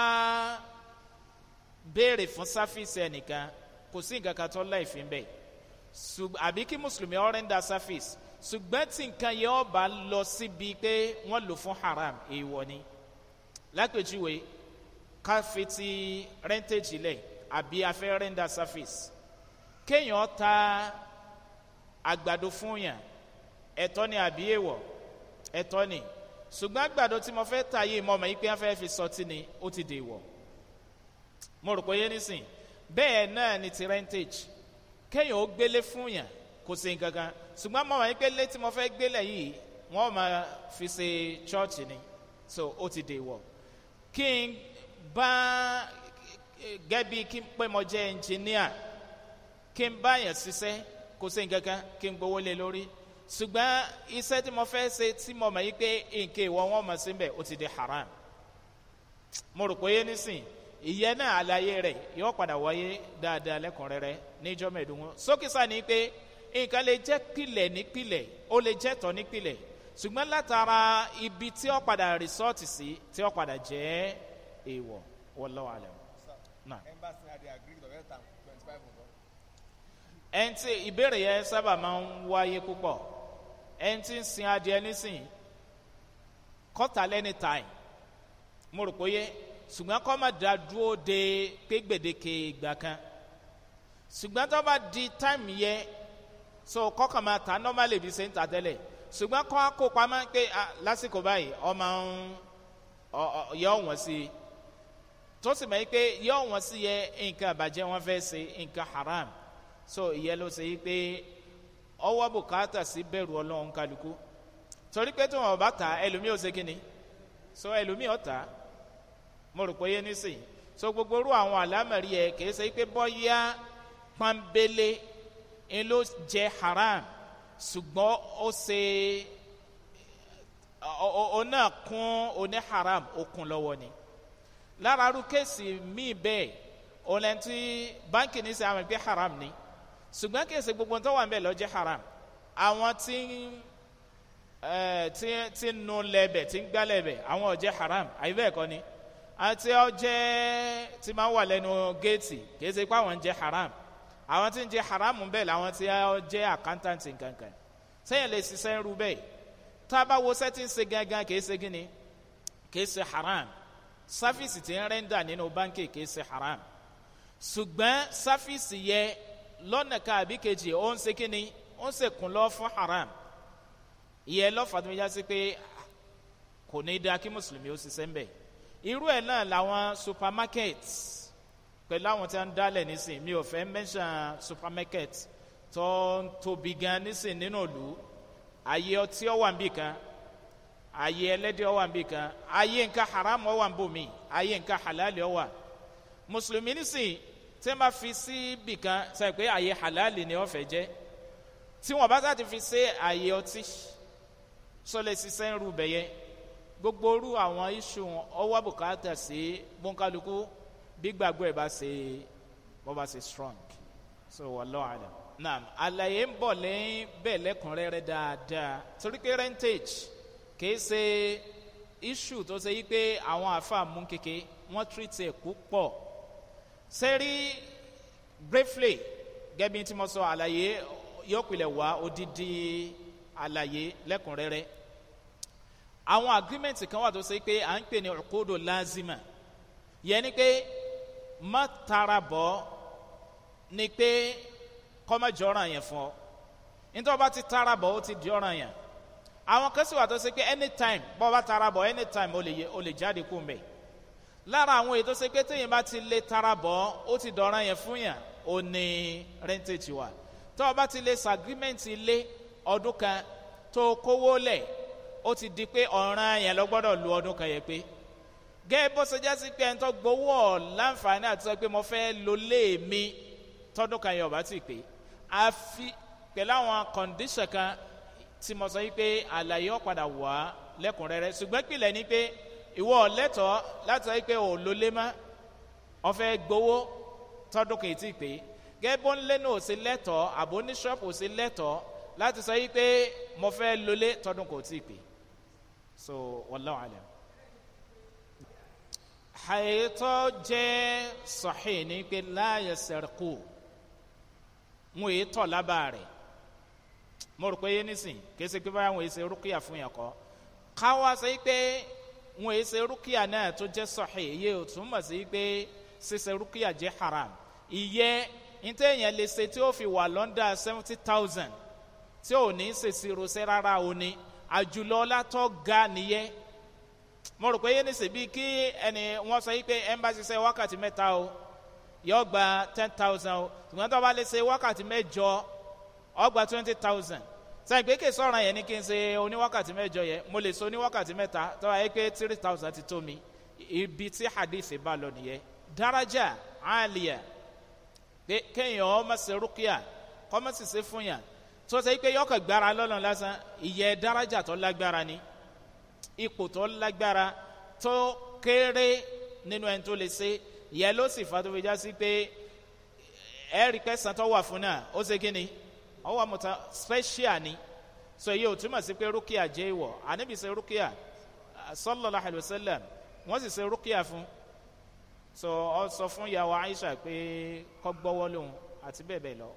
Speaker 1: béèrè fún sáfíìsì ẹnìkan kò sí nǹkan kan tó láìfín bẹ́ẹ̀ àbí kí mùsùlùmí ọ̀rẹ́ńdà sáfíìsì ṣùgbọ́n tí nǹkan yẹn ọba lọ síbi pé wọ́n lò fún haram èèwọ̀ ni lápèjúwe ká fi ti rẹ́ńtẹ̀jì lẹ̀ àbí afẹ́ rẹ́ńdà surface kéèyàn ta àgbàdo fún yàn ẹ̀tọ́ ni àbí èèwọ̀ ẹ̀tọ́ ni ṣùgbọ́n àgbàdo tí mo fẹ́ ta yìí mọ́ ọmọ yìí pé wọ́n fẹ́ fi sọtí ni ó ti dè wọ̀ mo rò pé yé nísìn bẹ́ẹ̀ náà ni ti rẹ́ńtẹ̀jì kéèyàn ó gbélé fún yàn kò sí nǹkan ṣùgbọ́n mo mọ̀ pé létí mo fẹ́ gbélé yìí wọ́n máa fi ṣe ni so ó ti dèwọ̀ kí n bá gẹ́bí kí n pé mo jẹ́ ẹnjìníà kí n bá yẹn ṣiṣẹ́ kò sí nǹkan kí n gbowó lé lórí ṣùgbọ́n iṣẹ́ tí mo fẹ́ ṣe tí mo mọ̀ mọ̀ ó ti di haram mo rò pé ìyẹn náà àlàyé rẹ̀ yóò nǹkan lè jẹ́ pilẹ̀ nípìlẹ̀ ó lè jẹ́ tọ́ nípìlẹ̀ ṣùgbọ́n látara ibi tí ó padà rìsọ́ọ̀tì sí tí ó padà jẹ́ èèwọ̀ wọ́n lọ́wọ́ àlẹ́ wọn. ẹn tí ìbéèrè yẹn sábà máa ń wáyé púpọ̀ ẹn ń sin adìẹ nísìn kọ́tà lẹ́ni tàìm mo rò pé yé ṣùgbọ́n kọ́ máa dá dúró de pé gbèdéke ìgbà kan ṣùgbọ́n tó bá di táìmù yẹn so kọ́kàn máa ta normally bí ṣe ń ta tẹ́lẹ̀ ṣùgbọ́n kọ́ kó pamọ́ pé lásìkò báyìí ọmọ ń yọ wọ́n sí i tó sì mọ̀ pé yọ wọ́n sí yẹ nǹkan àbàjẹ́ wọn fẹ́ ṣe nǹkan haram so ìyẹn ló ṣe yí pé ọwọ́ bùkátà sí bẹ̀rù ọlọ́run kálukú torí pé tí wọn bá ta ẹlòmíì ò ṣe kíni so ẹlòmíì ọ̀tá mo rò pé yé nísìnyí so gbogbo irú àwọn àlámẹ̀rí yẹ kì í ṣe pé bọ́yá pọ́nbélé ń ló jẹ haram ṣùgbọ́n ó ṣe ó náà kún oní haram ó kún lọ́wọ́ ni lára arú kéèsì míì bẹ́ẹ̀ ọ̀lẹ́ntì báńkì ní sẹ́ àwọn ẹgbẹ́ haram ni ṣùgbọ́n kéèsì gbogbo tó wà ń bẹ̀ lọ jẹ́ haram àwọn tí ń tí ń nu lẹ́bẹ̀ tí gbá lẹ́bẹ̀ àwọn ọ̀jẹ́ haram àyè bẹ́ẹ̀ kọ́ ni àti ọ̀jẹ́ tí máa ń wà lẹ́nu géètì kéèsì pé àwọn ń jẹ́ haram àwọn tí ń jẹ haramu bẹ́ẹ̀ làwọn tí ó jẹ́ àkántáǹtì kankan sẹ́yìn lè ṣiṣẹ́ ń ru bẹ́ẹ̀ tá a bá wo sẹ́tì ń ṣe gangan kì í ṣe gíní kì í ṣe haram sáfíìsì tí ń rẹ́ńdà nínú báńkì kì í ṣe haram ṣùgbọ́n sáfíìsì yẹ lọ́nà ká àbí kejì ó ń ṣe gíní ó ń ṣèkùn lọ fún haram ìyẹn lọ́fà tó ń yá sí pé kò ní dáa kí mùsùlùmí ó ṣiṣẹ́ ń bẹ̀ irú ẹ̀ náà làwọn supermarkets pẹ̀lú àwọn tí wọ́n ń dálẹ̀ nísìn mi ò fẹ́ mẹ́sàn supermarket tó ń tóbi gan nísìn nínú ìlú ayé ọtí ọwà ń bì kan ayé ẹlẹ́dẹ̀ ọwà ń bì kan ayé nǹkan haram ọwà ń bò mí ayé nǹkan halal ọwà mùsùlùmí nísìn tí wọ́n bá fi sí bì kan sọ pé ayé halal ni wọ́n fẹ́ jẹ́ tí wọ́n bá sáà ti fi sí ayé ọtí sọlẹ̀ sísẹ́ ń rú bẹ̀yẹ gbogbo orú àwọn iṣu ọwọ́ bùkátà sí bọ́ńkálukú bí gbàgbọ́ ẹ̀ bá ṣe bọ́ bá ṣe strong so wọ́n lọ́ àdá. naam àlàyé ń bọ̀ lẹ́yìn bẹ́ẹ̀ lẹ́kùnrẹ́rẹ́ dáadáa torí pé rentage kìí ṣe issue tó ṣe yí pé àwọn àáfàá mú kéke wọ́n treat ẹ̀ púpọ̀ sẹ́rí briefly gẹ́bí tí mo sọ àlàyé yọ̀pìlẹ̀ wá odidi àlàyé lẹ́kùnrẹ́rẹ́ àwọn agreement kan wà tó ṣe pé à ń pè ní ọ̀kódò lázìmà yẹn ni pé má tara bọ́ ni pé kọ́mọ́jọ́ ọ̀ràn yẹn fún ọ nítorí ọba ti tara bọ̀ ó ti di ọ̀ràn yẹn àwọn kan sì wà tó ṣe pé anytime bọ́ ọba tara bọ̀ anytime ó lè yẹ ó lè jáde kú mbẹ́ lára àwọn èyí tó ṣe pé téèyàn bá ti lè tara bọ̀ ó ti dọ̀ràn yẹn fún yẹn ó ní rentage wa tó ọba ti lè s'agreement lé ọdún kan tó kówó lẹ̀ ó ti di pé ọ̀ràn yẹn lọ gbọ́dọ̀ lu ọdún kan yẹn pé gẹ́gẹ́ bó ṣe jásí pé ẹni tó gbowó ọ̀ láǹfààní àti sọ pé mo fẹ́ lo lé mi tọdún kan yẹn ọ̀bá tì pé a fi pẹ̀lú àwọn kọ̀ǹdíṣàn kan tí mo sọ pé àlàyé ọ̀padà wà lẹ́kùnrẹ́rẹ́ ṣùgbọ́n pìlẹ̀ ni pé ìwọ ọ̀lẹ́tọ̀ọ́ láti sọ pé ò lo lé mọ́ ọ fẹ́ gbowó tọdún kan tì pé gẹ́gẹ́ bó ń lé náà ò sí lẹ́tọ̀ọ́ àbó ní ṣọ́ọ̀pù ò sí lẹ́tọ̀ọ́ láti sọ pé mo fẹ́ lo lé tọdún kan tì pé so wọ́n lọ́wọ́ àlẹ́ mi àìtọ́ jẹ́ sọ̀hìn ní pé láàyè sẹ̀rẹ̀kù wọn èyí tọ̀ lábà rẹ̀ mo rò pé yé nísìn kìí ṣe pé báyà wọn èyí ṣe rúkìá fún yàn kọ́ káwá ṣe pé wọn èyí ṣe rúkìá náà tó jẹ́ sọ̀hìn èyí ò túmọ̀ sí pé ṣíṣe rúkìá jẹ́ haram ìyẹ́ níta èèyàn lè ṣe tí ó fi wà lọ́ndà seventy thousand tí ò ní ṣèṣirò ṣe rárá òní àjùlọ látọ̀ ga nìyẹn. mo rò pé yé nísì kí ẹni wọn sọ yìí pé ẹ wákàtí mẹta o yọ gba ten thousand o ṣùgbọ́n tó bá lè ṣe wákàtí ọ gba twenty thousand sẹ́yìn pé sọ̀ràn yẹn ni kí n ṣe oníwákàtí mẹ́jọ yẹn mo lè ṣe oníwákàtí mẹ́ta tó bá yẹ pé three thousand ti tó mi ibi tí bá lọ nìyẹn daraja aliya pé kéèyàn ṣe rúkìá fún yàn tó ṣe pé yọkọ̀ gbára lọ́nà lásán daraja tó lágbára ni. ipò tó lágbára tó kéré nínú ẹni tó lè ṣe yẹn ló sì fa tó fi já sí pé ẹ̀rí pẹ́sàn tó wà fún náà ó ṣe kí ni ó wà mọ̀ta special ni so èyí ò túmọ̀ sí pé rúkìá jẹ́ ìwọ̀ ànábì ṣe rúkìá sọlọ́lá àlùsẹ́lẹ̀m wọ́n sì ṣe rúkìá fún so ọ sọ fún ìyàwó aisha pé kọ́ gbọ́wọ́ lòun àti bẹ́ẹ̀ bẹ́ẹ̀ lọ.